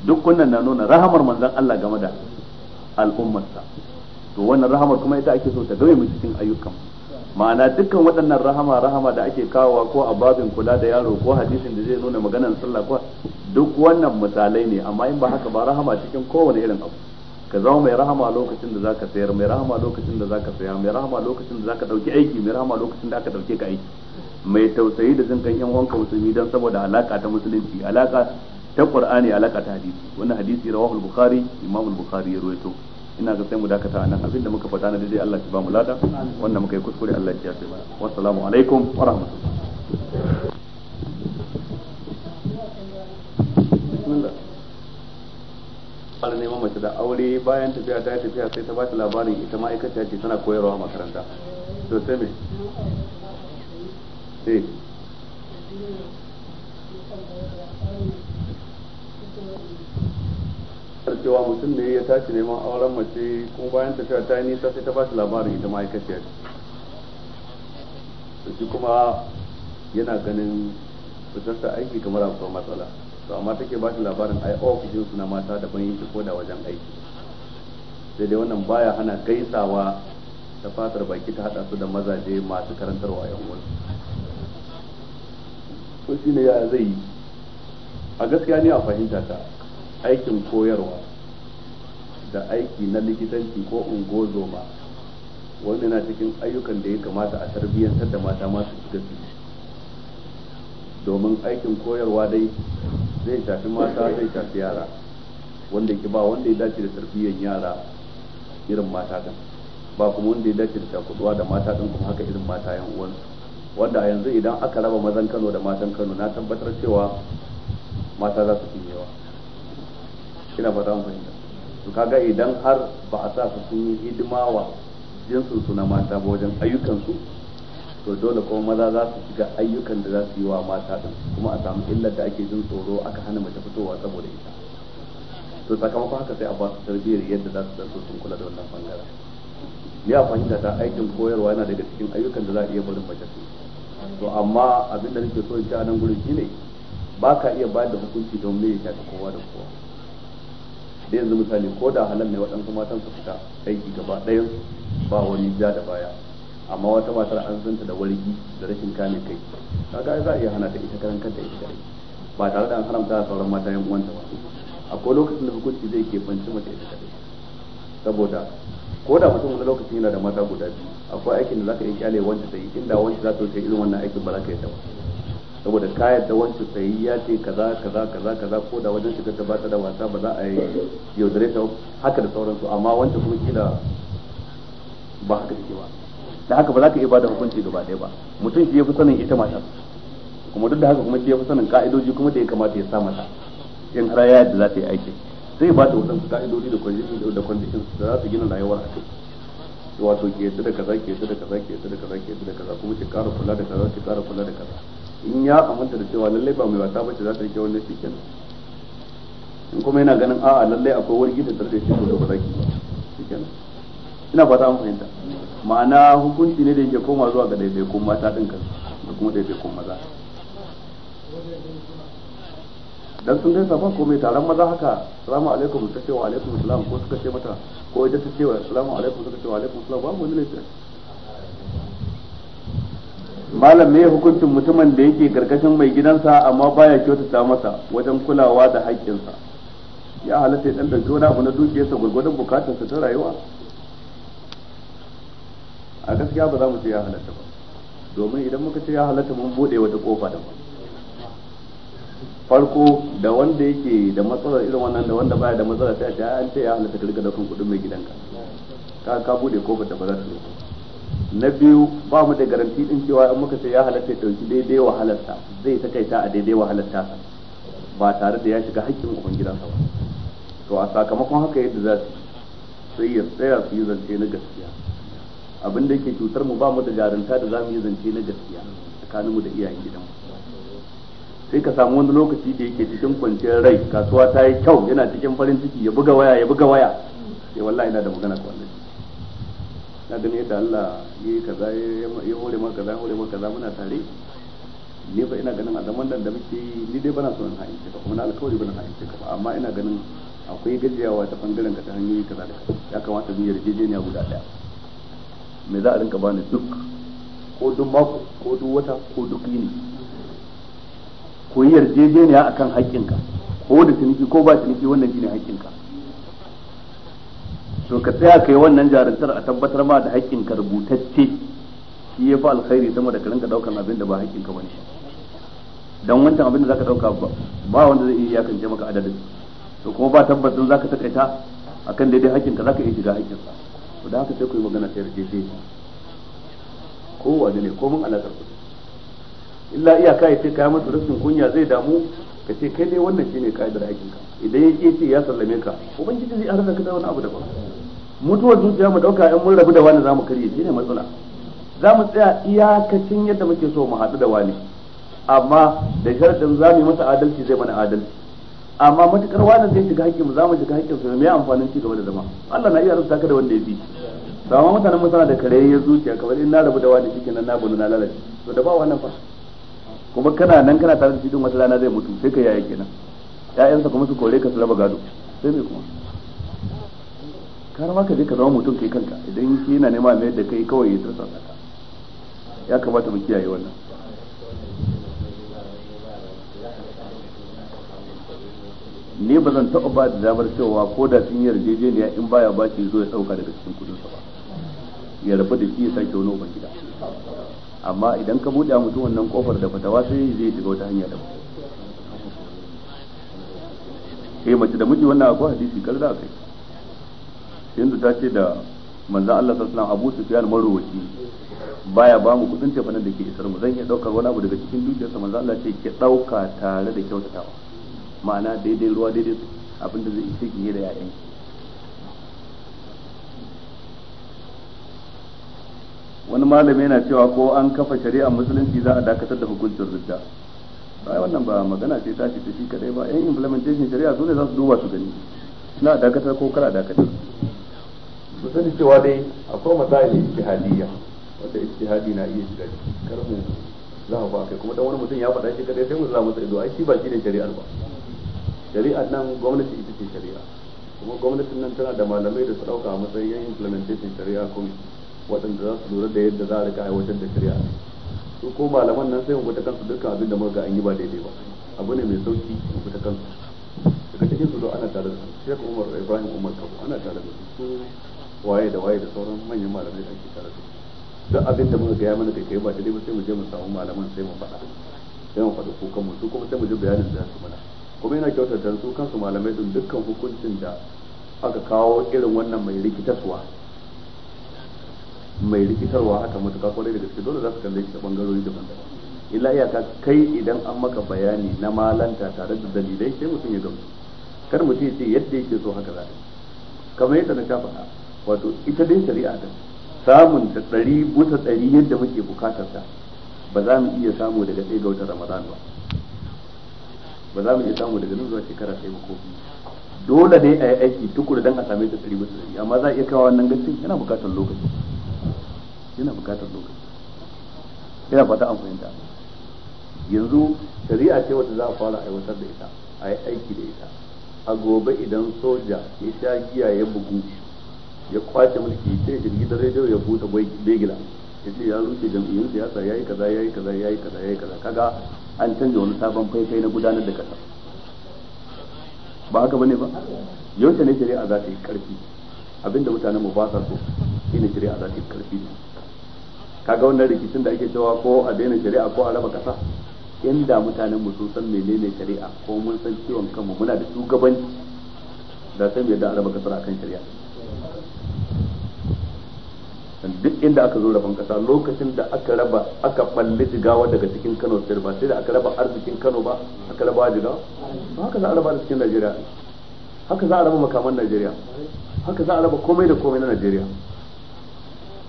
duk wannan na nuna rahamar manzon Allah game da al'ummarsa to wannan rahamar kuma ita ake so ta gauye mu cikin ayyukan ma'ana dukkan waɗannan rahama rahama da ake kawowa ko a babin kula da yaro ko hadisin da zai nuna maganar sallah ko duk wannan misalai ne amma in ba haka ba rahama cikin kowane irin abu ka zama mai rahama lokacin da zaka sayar mai rahama lokacin da zaka saya mai rahama lokacin da zaka dauki aiki mai rahama lokacin da aka dauke ka aiki mai tausayi da jinkan yan wanka musulmi dan saboda alaka ta musulunci alaka ta qur'ani alaka ta hadisi wannan hadisi rawahul bukhari imamul bukhari ya ruwaito ina ga sai mu dakata nan abinda muka faɗa na daidai Allah ya ba mu lada wanda muka yi kuskure Allah ya yafe mana wassalamu alaikum wa rahmatullahi fara neman mace da aure bayan tafiya ta tafiya sai ta ta labarin ita ma'aikata ce tana koyarwa makaranta to sai me sai eh. cewa mutum ne ya tashi neman auren mace kuma bayan tafiya ta yi nisa sai ta ba shi labarin ita ma'aikaciya ce shi kuma yana ganin fitar aiki kamar akwai matsala to amma take ba shi labarin ai ofishin su na mata daban yake ko da wajen aiki sai dai wannan baya hana gaisawa ta fatar baki ta hada su da mazaje masu karantarwa yan uwan shi ne ya zai yi a gaskiya ne a fahimta ta aikin koyarwa da aiki na likitanci ko ungozoma wanda yana cikin ayyukan da ya kamata a tarbiyyantar da mata masu shiga domin aikin koyarwa dai zai shafi mata zai shafi yara wanda ke ba wanda ya dace da tarbiyyar yara irin mata din ba kuma wanda ya dace da cakuduwa da mata din kuma haka irin mata yan uwan wanda a yanzu idan aka raba mazan Kano da matan Kano na tabbatar cewa mata za su fi yawa ina za mu fahimta to kaga idan har ba a sa su sun yi hidima wa jinsin su na mata ba wajen ayyukan su to dole kuma maza za su shiga ayyukan da za su yi wa mata din kuma a samu illar da ake jin tsoro aka hana mace fitowa saboda ita to sakamakon haka sai a ba su tarbiyyar yadda za su zarto sun kula da wannan bangaren ni a fahimta ta aikin koyarwa yana daga cikin ayyukan da za a iya barin mace su to amma abin da nake so in ci a nan gurin shine ba ka iya bayar da hukunci don me ya shafi kowa da kowa da yanzu misali ko da halal ne waɗansu matan su fita aiki gaba ɗayan ba wani ja da baya amma wata matar an zanta da wargi da rashin kame kai kaga za a iya hana ta ita karan kanta ita ba tare da an haramta sauran mata yan uwanta ba akwai lokacin da hukunci zai ke fanci mata ita kadai saboda ko da mutum wani lokacin yana da mata guda biyu akwai aikin da zaka yi kyale wanda ta yi inda wanda za ta yi irin wannan aikin ba za ka yi ta ba saboda kayan da wancan sayi ya ce kaza kaza kaza kaza ko da wajen shiga ta bata da wasa ba za a yi yaudare ta haka da sauransu amma wancan kuma kila ba haka take ba da haka ba za ka iya bada hukunci gaba ɗaya ba mutum shi ya fi sanin ita mata kuma duk da haka kuma shi ya fi sanin ka'idoji kuma da ya kamata ya sa mata in har ya yadda za ta yi aiki sai ba ta wasan ka'idoji da conditions da conditions da za su gina rayuwar a kai wato ke yadda da kaza ke yadda da kaza ke yadda da kaza ke yadda da kaza kuma ki ƙara kula da kaza ki ƙara kula da kaza in ya aminta da cewa lallai ba mai wasa ba ce za ta rike wannan shi kenan in kuma yana ganin a'a lallai akwai wargi da zai shi to ba za ki ba shi kenan ina fata an fahimta ma'ana hukunci ne da yake koma zuwa ga daidaikun mata din kan da kuma daidaikun maza dan sun dai safa komai taron maza haka salamu alaikum ta ce wa alaikum assalam ko suka ce mata ko ita ta ce wa assalamu alaikum suka ce wa alaikum salam babu wani laifi malam me hukuncin mutumin da yake karkashin mai gidansa amma baya kyautata masa wajen kulawa da haƙƙinsa ya halatta ya dan dauki wani abu na dukiyarsa gurgurdan bukatarsa ta rayuwa a gaskiya ba za mu ce ya halatta ba domin idan muka ce ya halatta mun bude wata kofa da farko da wanda yake da matsala irin wannan da wanda baya da matsala sai a ce an ce ya halatta ka rika daukan kuɗin mai gidanka ka ka buɗe kofar da ba za ta zo na biyu ba mu da garanti din cewa in muka ce ya halatta dauki daidai wahalarsa zai takaita a daidai sa ba tare da ya shiga haƙƙin sa ba to a sakamakon haka yadda za su sai ya tsaya su yi zance na gaskiya abin da yake cutar mu ba mu da jarinta da za mu yi zance na gaskiya tsakaninmu da iyayen gidan sai ka samu wani lokaci da yake cikin kwanciyar rai kasuwa ta yi kyau yana cikin farin ciki ya buga waya ya buga waya sai eh, wallahi ina da magana ka wallahi ka gani yadda Allah yi kaza ya hore maka kaza hore maka kaza muna tare ni ba ina ganin a zaman da muke yi ni dai bana son ha'in ka kuma na alkawari bana ha'in ka ba amma ina ganin akwai gajiyawa ta bangaren ka ta hanyoyi kaza da ya kamata mu yarjejeniya guda daya me za a rinka bani duk ko duk mako ko duk wata ko duk yini ko yi yarjejeniya akan haƙƙinka ko da ciniki ko ba ciniki wannan shine haƙƙinka to ka tsaya kai wannan jarumtar a tabbatar ma da haƙƙin ka rubutacce shi ya fi alkhairi sama da ka daukan abin da ba haƙƙin ka shi dan wancan abin da zaka dauka ba ba wanda zai iya kance maka adadin to kuma ba tabbacin zaka takaita akan daidai haƙƙin ka zaka iya shiga haƙƙin sa to da haka sai ku yi magana sai rike ko wani ne ko mun alaƙar ku illa iyaka ya ce kai masa rashin kunya zai damu ka ce kai dai wannan shine ka'idar haƙƙin ka idan ya ce ya sallame ka ubangiji zai arzaka da wani abu daban mutuwar zuciya mu dauka in mun rabu da wani zamu karye ne matsala za mu tsaya iyakacin yadda muke so mu haɗu da wani amma da sharadin za mu yi masa adalci zai mana adalci amma matukar wani zai shiga hakkin mu za mu shiga hakkin su me amfanin ci gaba da zama Allah na iya rubuta ka da wanda ya bi amma mutanen mu suna da karayen zuciya kamar in na rabu da wani shikenan na gudu na lalace to da ba wannan fa kuma kana nan kana tare da shi din wata rana zai mutu sai ka yaya kenan ƴaƴansa kuma su kore ka su raba gado sai me kuma kar ma ka je ka zama mutum kai kanka idan shi yana nema mai da kai kawai ya tsasa ka ya kamata mu kiyaye wannan ne ba zan taɓa ba da damar cewa ko da sun yi yarjejeniya in baya ba shi zo ya ɗauka daga cikin kudinsa ba ya rabu da shi ya sake wani uban gida amma idan ka buɗe mutum wannan kofar da fatawa sai zai shiga wata hanya da eh mace da miji wannan akwai hadisi kar da kai Yanzu ta ce da manzan Allah sallallahu Abu fiye marwaci baya ba mu kudin tafanin da ke isar mu zan iya daukar wani abu daga cikin dukiyarsa manzan Allah ce ke dauka tare da kyautatawa ma'ana daidai ruwa daidai abinda zai ishe ki da yayan wani malami yana cewa ko an kafa shari'a musulunci za a dakatar da hukuncin ridda ai wannan ba magana ce ta shi kadai ba yan implementation shari'a su ne za su duba su gani suna dakatar ko kara dakatar mu sani cewa dai akwai matsayin ijtihadiyya wanda ijtihadi na iya shiga karfin mu za ba kai kuma dan wani mutum ya faɗa shi kadai sai mu zama sai ido ai shi ba shi ne shari'ar ba shari'ar nan gwamnati ita ce shari'a kuma gwamnatin nan tana da malamai da su ɗauka a matsayin implementation shari'a ko waɗanda za su lura da yadda za a rika aiwatar da shari'a su ko malaman nan sai mu fita kansu dukkan abin da muka ga an yi ba daidai ba abu ne mai sauki mu fita kansu daga cikin su ana tare da su shekaru umar ibrahim umar kabo ana tare da su waye da waye da sauran manyan malamai ake tare da su duk abin da muka gaya mana kai ba daidai ba sai mu je mu samu malaman sai mu faɗa sai mu faɗa ko mu su kuma sai mu je bayanin da su mana kuma yana da su kansu malamai din dukkan hukuncin da aka kawo irin wannan mai rikitarwa mai rikitarwa haka matuƙa kwarai da gaske dole za su kalle shi ta bangarori daban-daban illa iyaka kai idan an maka bayani na malanta tare da dalilai sai mutum ya gamsu kar mutum ya ce yadda yake so haka za ka kamar yadda na shafa faɗa wato ita dai shari'a ta samun ta ɗari bisa ɗari yadda muke bukatar ta ba za mu iya samu daga ɗaya ga wata ramadan ba ba za mu iya samu daga nan zuwa shekara sai ko biyu dole ne a yi aiki tukuru don a same ta ɗari bisa ɗari amma za a iya kawo wannan gacin yana bukatar lokaci yana bukatar lokaci yana fata an fahimta yanzu shari'a ce wata za a fara aiwatar da ita a yi aiki da ita a gobe idan soja ya sha giya ya bugu ya kwace mulki sai jirgi da rediyo ya buɗe begila ya ce ya rufe jam'iyyun siyasa ya yi kaza ya yi kaza ya yi kaza ya yi kaza kaga an canza wani sabon faifai na gudanar da kasa ba haka bane ba yaushe ne shari'a za ta yi karfi abinda mutanen mu ba sa so shine shari'a za ta yi karfi kaga wannan rikicin da ake cewa ko a daina shari'a ko a raba kasa inda mutanen mu sun san menene shari'a ko mun san ciwon kanmu muna da shugabanci da sai mu yadda a raba kasar akan shari'a duk inda aka zo rabon kasa lokacin da aka raba aka balli jigawa daga cikin Kano sai ba sai da aka raba arzikin Kano ba aka raba jigawa haka za a raba cikin Najeriya haka za a raba makaman Najeriya haka za a raba komai da komai na Najeriya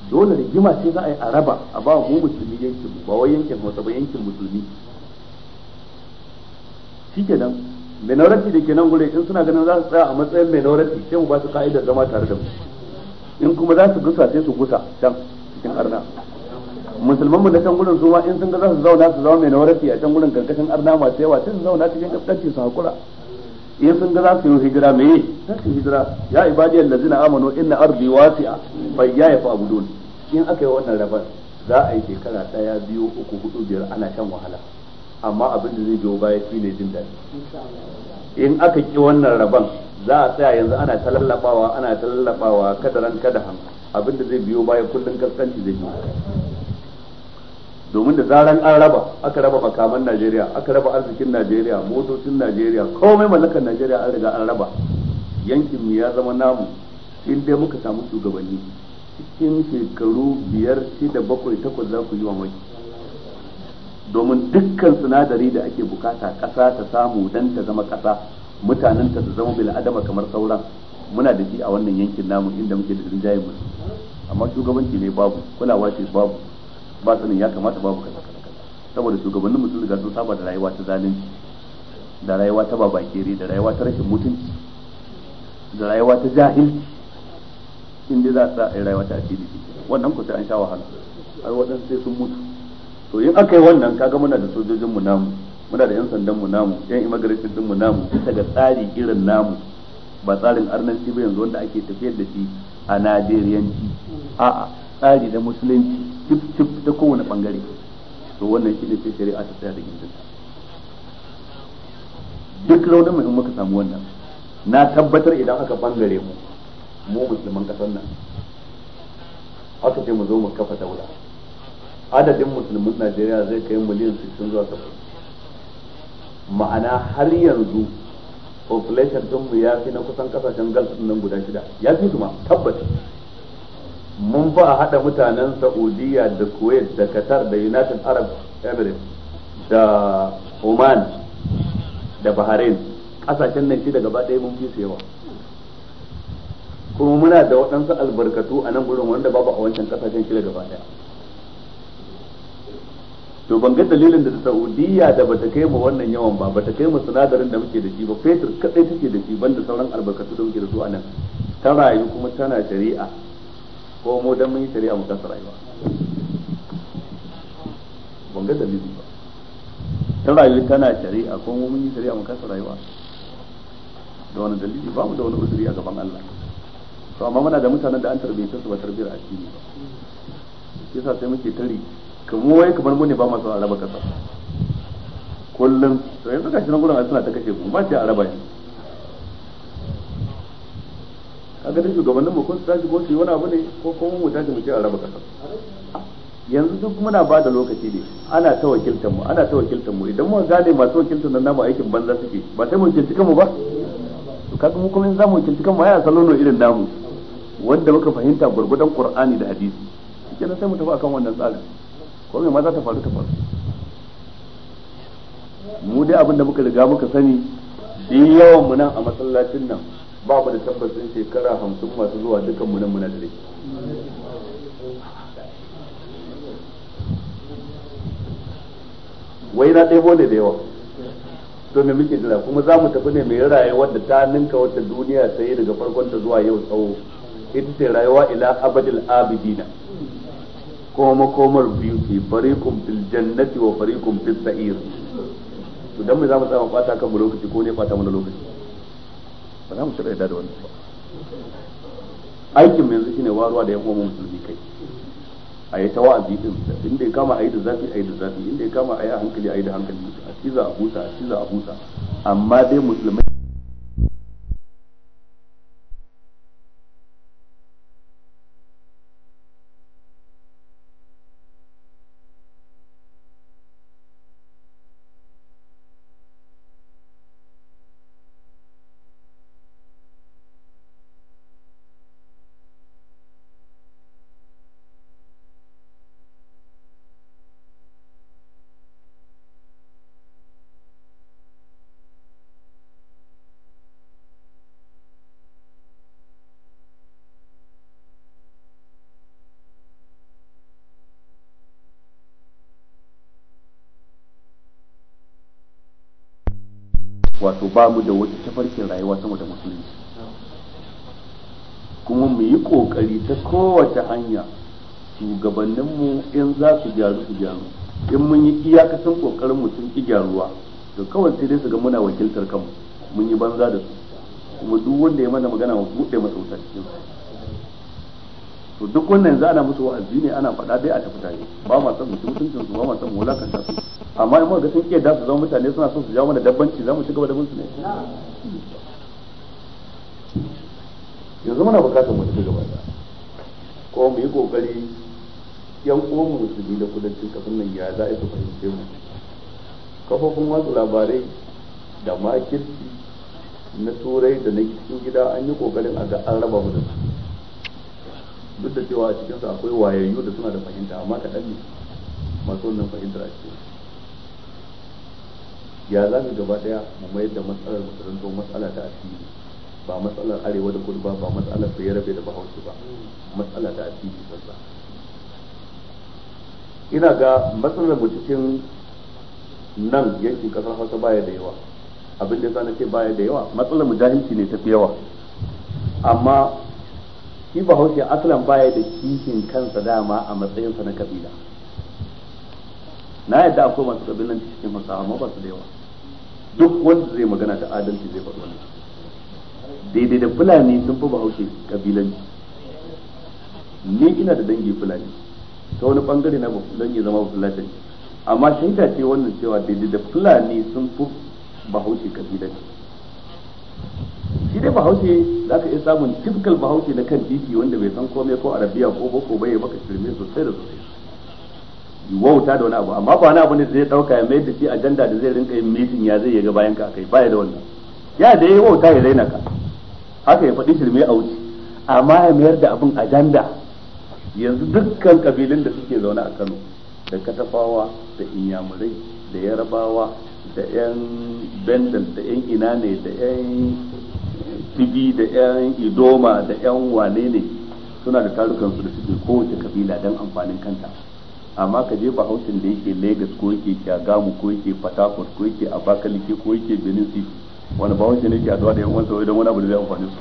dole rigima ce za a yi a raba a ba mu musulmi yankin mu ba wai yankin Hausa ba yankin musulmi shikenan minority da ke nan gure in suna ganin za su tsaya a matsayin minority sai mu ba su ka'idar zama tare da mu in kuma za su gusa sai su gusa can cikin arna musulman mu na can gudun su ma in sun ga za su zauna su zama mai nawarati a can gudun karkashin arna masu yawa sai su zauna cikin kaskanci su hakura in sun ga za su yi hijira me za su hijira ya ibadi allazina amanu inna ardi wasi'a fa ya yafa abudun in aka yi wannan rabar za a yi shekara daya biyu uku hudu biyar ana shan wahala amma abin da zai biyo baya ne jin daɗi in aka ki wannan rabar. za a tsaya yanzu ana ta lallabawa ana ta lallabawa kadaran kadahan abinda zai biyo baya kullun kaskanci zai biyo domin da zaran an raba aka raba makaman Najeriya aka raba arzikin Najeriya motocin Najeriya komai mallakar Najeriya an riga an raba yankin mu ya zama namu in dai muka samu shugabanni cikin shekaru biyar shida bakwai takwas za ku yi wa mai. domin dukkan sinadari da ake bukata ƙasa ta samu don ta zama ƙasa mutanen ta su zama bil adama kamar sauran muna da shi a wannan yankin namu inda muke da rinjaye mu amma shugabanci ne babu kulawa ce babu ba sanin ya kamata babu kaza kaza saboda shugabannin mutum riga sun saba da rayuwa ta zalunci da rayuwa ta babakere da rayuwa ta rashin mutunci da rayuwa ta jahilci in dai za a sa rayuwa ta asiri wannan ku sai an sha wahala har waɗansu sai sun mutu to in aka yi wannan kaga muna da sojojinmu namu muna da yan sandan mu namu yan immigration din mu namu bisa ga tsari irin namu ba tsarin arnanci ba yanzu wanda ake tafiyar da shi a Najeriyanci a'a tsari da musulunci cif cif ta kowane bangare to wannan shi ne sai shari'a ta tsaya da gindin duk raunin mu in muka samu wannan na tabbatar idan aka bangare mu mu musulman kasar nan aka ce mu zo mu kafa daula adadin musulmin Najeriya zai kai miliyan 60 zuwa 70 ma'ana har yanzu population din mu ya fi na kusan kasashen gulf nan guda shida ya fi su ma tabbata mun fa a hada mutanen Saudiya da Kuwait da Qatar da United Arab Emirates da Oman da Bahrain kasashen nan shida gaba ɗaya mun fi su yawa kuma muna da waɗansu albarkatu a nan gurin wanda babu a wancan kasashen shida gaba ɗaya to ban ga dalilin da Saudiya da bata kai mu wannan yawan ba bata kai mu sinadarin da muke da shi ba fetur kadai take da shi banda sauran albarkatu da muke da su a nan ta rayu kuma tana shari'a ko mu dan mun yi shari'a mu kasa rayuwa ban ga dalili ba ta rayu tana shari'a ko mu mun yi shari'a mu kasa rayuwa da wani dalili ba mu da wani uzuri a gaban Allah to amma muna da mutanen da an tarbiyyar su ba tarbiyyar addini ba yasa sai muke tari mu wai kamar mu ne ba masu araba kasa kullum to yanzu gashi nan gudun suna ta kashe mu ba ce araba ne kaga da shugabannin mu kun tashi ko wani abu ne ko kuma mu tashi mu ce araba kasa yanzu duk muna ba da lokaci ne ana ta wakiltar mu ana ta wakiltar mu idan mu gane masu wakiltar nan namu aikin banza suke ba sai mu wakilci kanmu ba to kaga mu kuma in za mu wakilci kanmu ai a salono irin namu wanda muka fahimta gurgudan qur'ani da hadisi shikenan sai mu tafi akan wannan tsarin ko mai ma ta faru ta faru mu dai abin da muka riga muka sani shi yawan mu a masallacin nan ba mu da tabbacin shekara hamsin masu zuwa dukan mu nan muna da rai wai na ɗaya ne da yawa to me muke jira kuma za mu tafi ne mai rayuwar da ta ninka wata duniya ta yi daga farkon ta zuwa yau tsawo ita ce rayuwa ila abadil abidina kuma makomar biyu ke farikun fil jannati wa farikun fil sa'ir to dan me za mu tsaya mu bata kan lokaci ko ne bata mana lokaci ba za mu shirya da wannan ba aikin yanzu shine waruwa da yan uwan musulmi kai a yi tawa a din inda ya kama a yi da zafi a yi da zafi inda ya kama a yi a hankali a yi da hankali a ciza a busa a ciza a busa amma dai musulmai ba mu da wata tafarkin rayuwa sama da musulunci kuma mu yi kokari ta kowace hanya shugabanninmu in za su gyaru su gyaru in mun yi iyakacin kokarin mu sun ki gyaruwa to kawai sai dai su ga muna wakiltar kanmu mun yi banza da su kuma duk wanda ya mana magana mu buɗe masa wuta cikin to duk wannan yanzu ana musu wa'azi ne ana faɗa dai a tafi tare ba ma san musu mutuncin su ba ma san mulakanta su amma in muka ga sun kiyar da su zama mutane suna son su jawo mana dabbanci za mu ci gaba da musu ne yanzu muna bukatar mu ci gaba da ko mu yi kokari yan uwan musulmi da kudancin kafin nan ya za a su fahimce mu kafofin wasu labarai da makirci na turai da na cikin gida an yi kokarin a ga an raba mu da su duk da cewa a cikinsa akwai wayayyu da suna da fahimta amma kaɗan ɗan masu wannan fahimtar a cikin ya za mu gaba ɗaya mu mayar da matsalar makarantar matsala ta asiri ba matsalar arewa da kudu ba ba matsalar bayarabe da bahaushe ba matsala ta asiri sassa ina ga matsalar mu cikin nan yankin kasar hausa baya da yawa abin da ya sa na ce baya da yawa matsalar mu jahilci ne ta fi yawa amma shi bahaushe aslan baya da kishin kansa dama a matsayinsa na kabila na yadda akwai masu kabilan cikin masu amma ba su da yawa duk wanda zai magana da adalci zai faɗo ne daidai da fulani sun fi bahaushe kabilan ni ina da dangi fulani ta wani bangare na dangi zama fulani amma shaida ce wannan cewa daidai da fulani sun fi bahaushe kabilan shi dai bahaushe za ka iya samun typical bahaushe na kan titi wanda bai san komai ko arabiya ko boko bai baka shirme sosai da sosai wauta da wani abu amma ba wani abu ne zai dauka ya mayar shi ajanda da zai rinka yin mitin ya zai yaga bayan ka kai baya da wannan ya da yayi wauta ya raina ka haka ya faɗi shirme a wuce amma ya mayar da abin ajanda yanzu dukkan kabilun da suke zaune a Kano da katafawa da inyamurai da yarabawa da yan bendan da yan ina ne da yan shigi da yan idoma da yan wane ne suna da tarukan su da suke kowace kabila don amfanin kanta amma ka je bahaushen da yake lagos ko yake kyagamu ko yake fatakot ko yake abakaliki ko yake benin city wani bahaushe ne ke adawa da yan wansa wai don wani abu da zai amfani su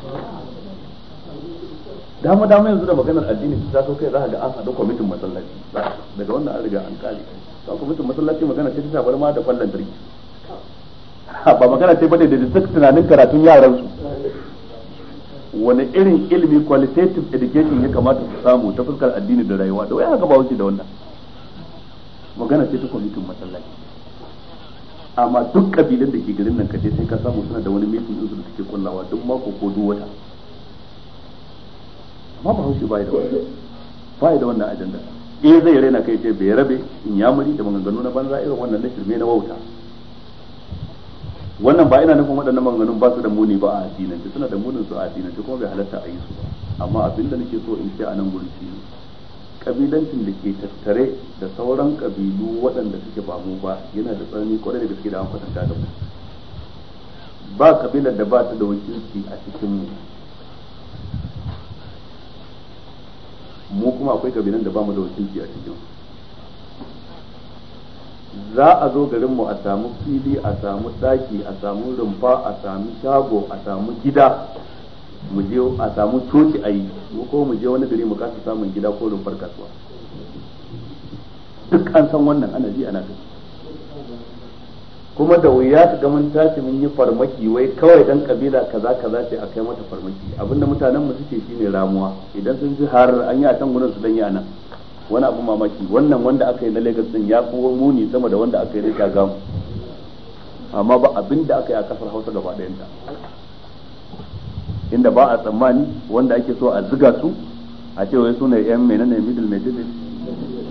dama dama yanzu da maganar addini su taso kai za a ga an haɗu kwamitin masallaci daga wannan an riga an kare kwamitin masallaci magana ce ta shabar ma da kwallon birki (laughs) ba magana ce bane da duk tunanin karatun yaran su wani irin ilimi qualitative education ya kamata su samu ta fuskar addini da rayuwa da wai haka ba wuce da wannan magana ce ta kwamitin masallaci amma duk kabilan da ke garin nan kaje sai ka samu suna da wani meeting din su da take kullawa duk mako ko duk wata amma ba haushi bai da wannan bai da wannan ajanda eh zai raina kai ce bai rabe in muri da maganganu na banza irin wannan na shirme na wauta wannan ba ina nufin waɗannan maganganun ba su da muni ba a addinance suna da munin su a addinance kuma bai halatta a yi su ba amma abin da nake so in ce a nan gurin shi ne kabilancin da ke tattare da sauran kabilu waɗanda suke ba mu ba yana da tsanani kwarai da gaske da an kwatanta da mu ba kabilar da ba ta da wakilci a cikin mu mu kuma akwai kabilan da ba mu da wakilci a cikin mu. za a zo garin mu a samu fili a samu daki a samu rumfa a samu shago a samu gida mu je a samu coci a yi ko mu je wani gari mu kasa samun gida ko rumfar kasuwa duk an san wannan ana ji ana kai kuma da wuya ta ga mun tashi mun yi farmaki wai kawai dan kabila kaza kaza ce a kai mata farmaki abinda mutanen mu suke shine ramuwa idan sun ji har an yi a can gurin su dan yana. wani abu mamaki wannan wanda aka yi na Lagos din ya fi muni sama da wanda aka yi na Shagam amma ba abin da aka yi a kasar Hausa gaba ɗayanta inda ba a tsammani wanda ake so a ziga su a ce wai sune yan menene middle middle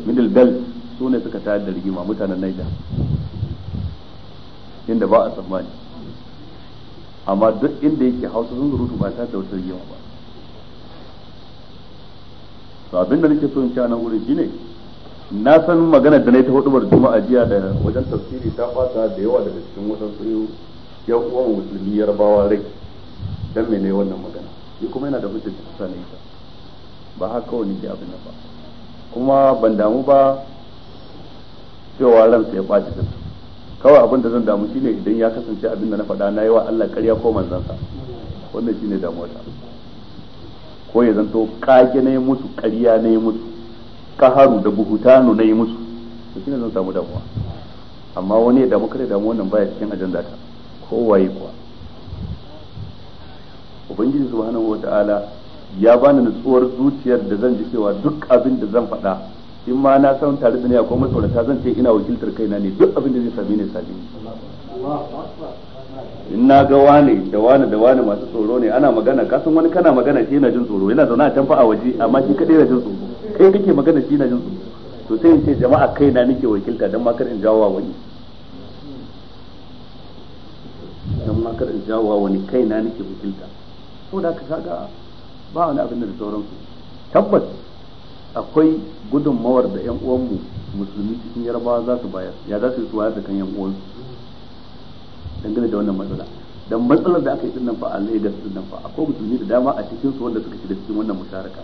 middle belt su ne suka tayar da rigima mutanen naija inda ba a tsammani amma duk inda yake Hausa sun zurutu ba ta da wata rigima ba to abin da nake so in ci anan wurin shine na san magana da nayi ta hudubar juma'a jiya da wajen tafsiri ta fata da yawa daga cikin wadansu yan uwan musulmi yarbawa rai dan me ne wannan magana shi kuma yana da hujjar da tsane ita ba haka kawai ke abin nan ba kuma ban damu ba cewa ransa ya ɓaci da kawai abin da zan damu shine idan ya kasance abin da na faɗa na yi wa Allah ƙarya ko manzansa wannan shine damuwa ta ko ya zanto kage na yi musu ƙarya na yi musu kaharu da buhutanu na yi musu to shine zan samu damuwa amma wani ya damu kada damu wannan baya cikin ajanda ta kowaye kuwa ubangiji subhanahu wataala ya bani nutsuwar zuciyar da zan ji cewa duk abin da zan faɗa in ma na san tare da ni akwai masaurata zan ce ina wakiltar kaina ne duk abin da zai same ni sami in na ga wane da wane da wane masu tsoro ne ana magana kasan wani kana magana shi yana jin tsoro yana zaune a can fa a waje amma shi kadai yana jin tsoro kai kake magana shi yana jin tsoro to sai ce jama'a kai na nake wakilta dan ma in jawo wani dan ma in jawo wani kai na nake wakilta saboda ka saka ba wani abin da sauransu tabbas akwai gudunmawar da yan uwanmu musulmi cikin yarbawa za su bayar ya za su yi suwa da kan yan uwansu dangane da wannan matsala dan matsalar da aka yi dinnan fa a su dinnan fa akwai musulmi da dama a cikin su wanda suka shiga cikin wannan musharaka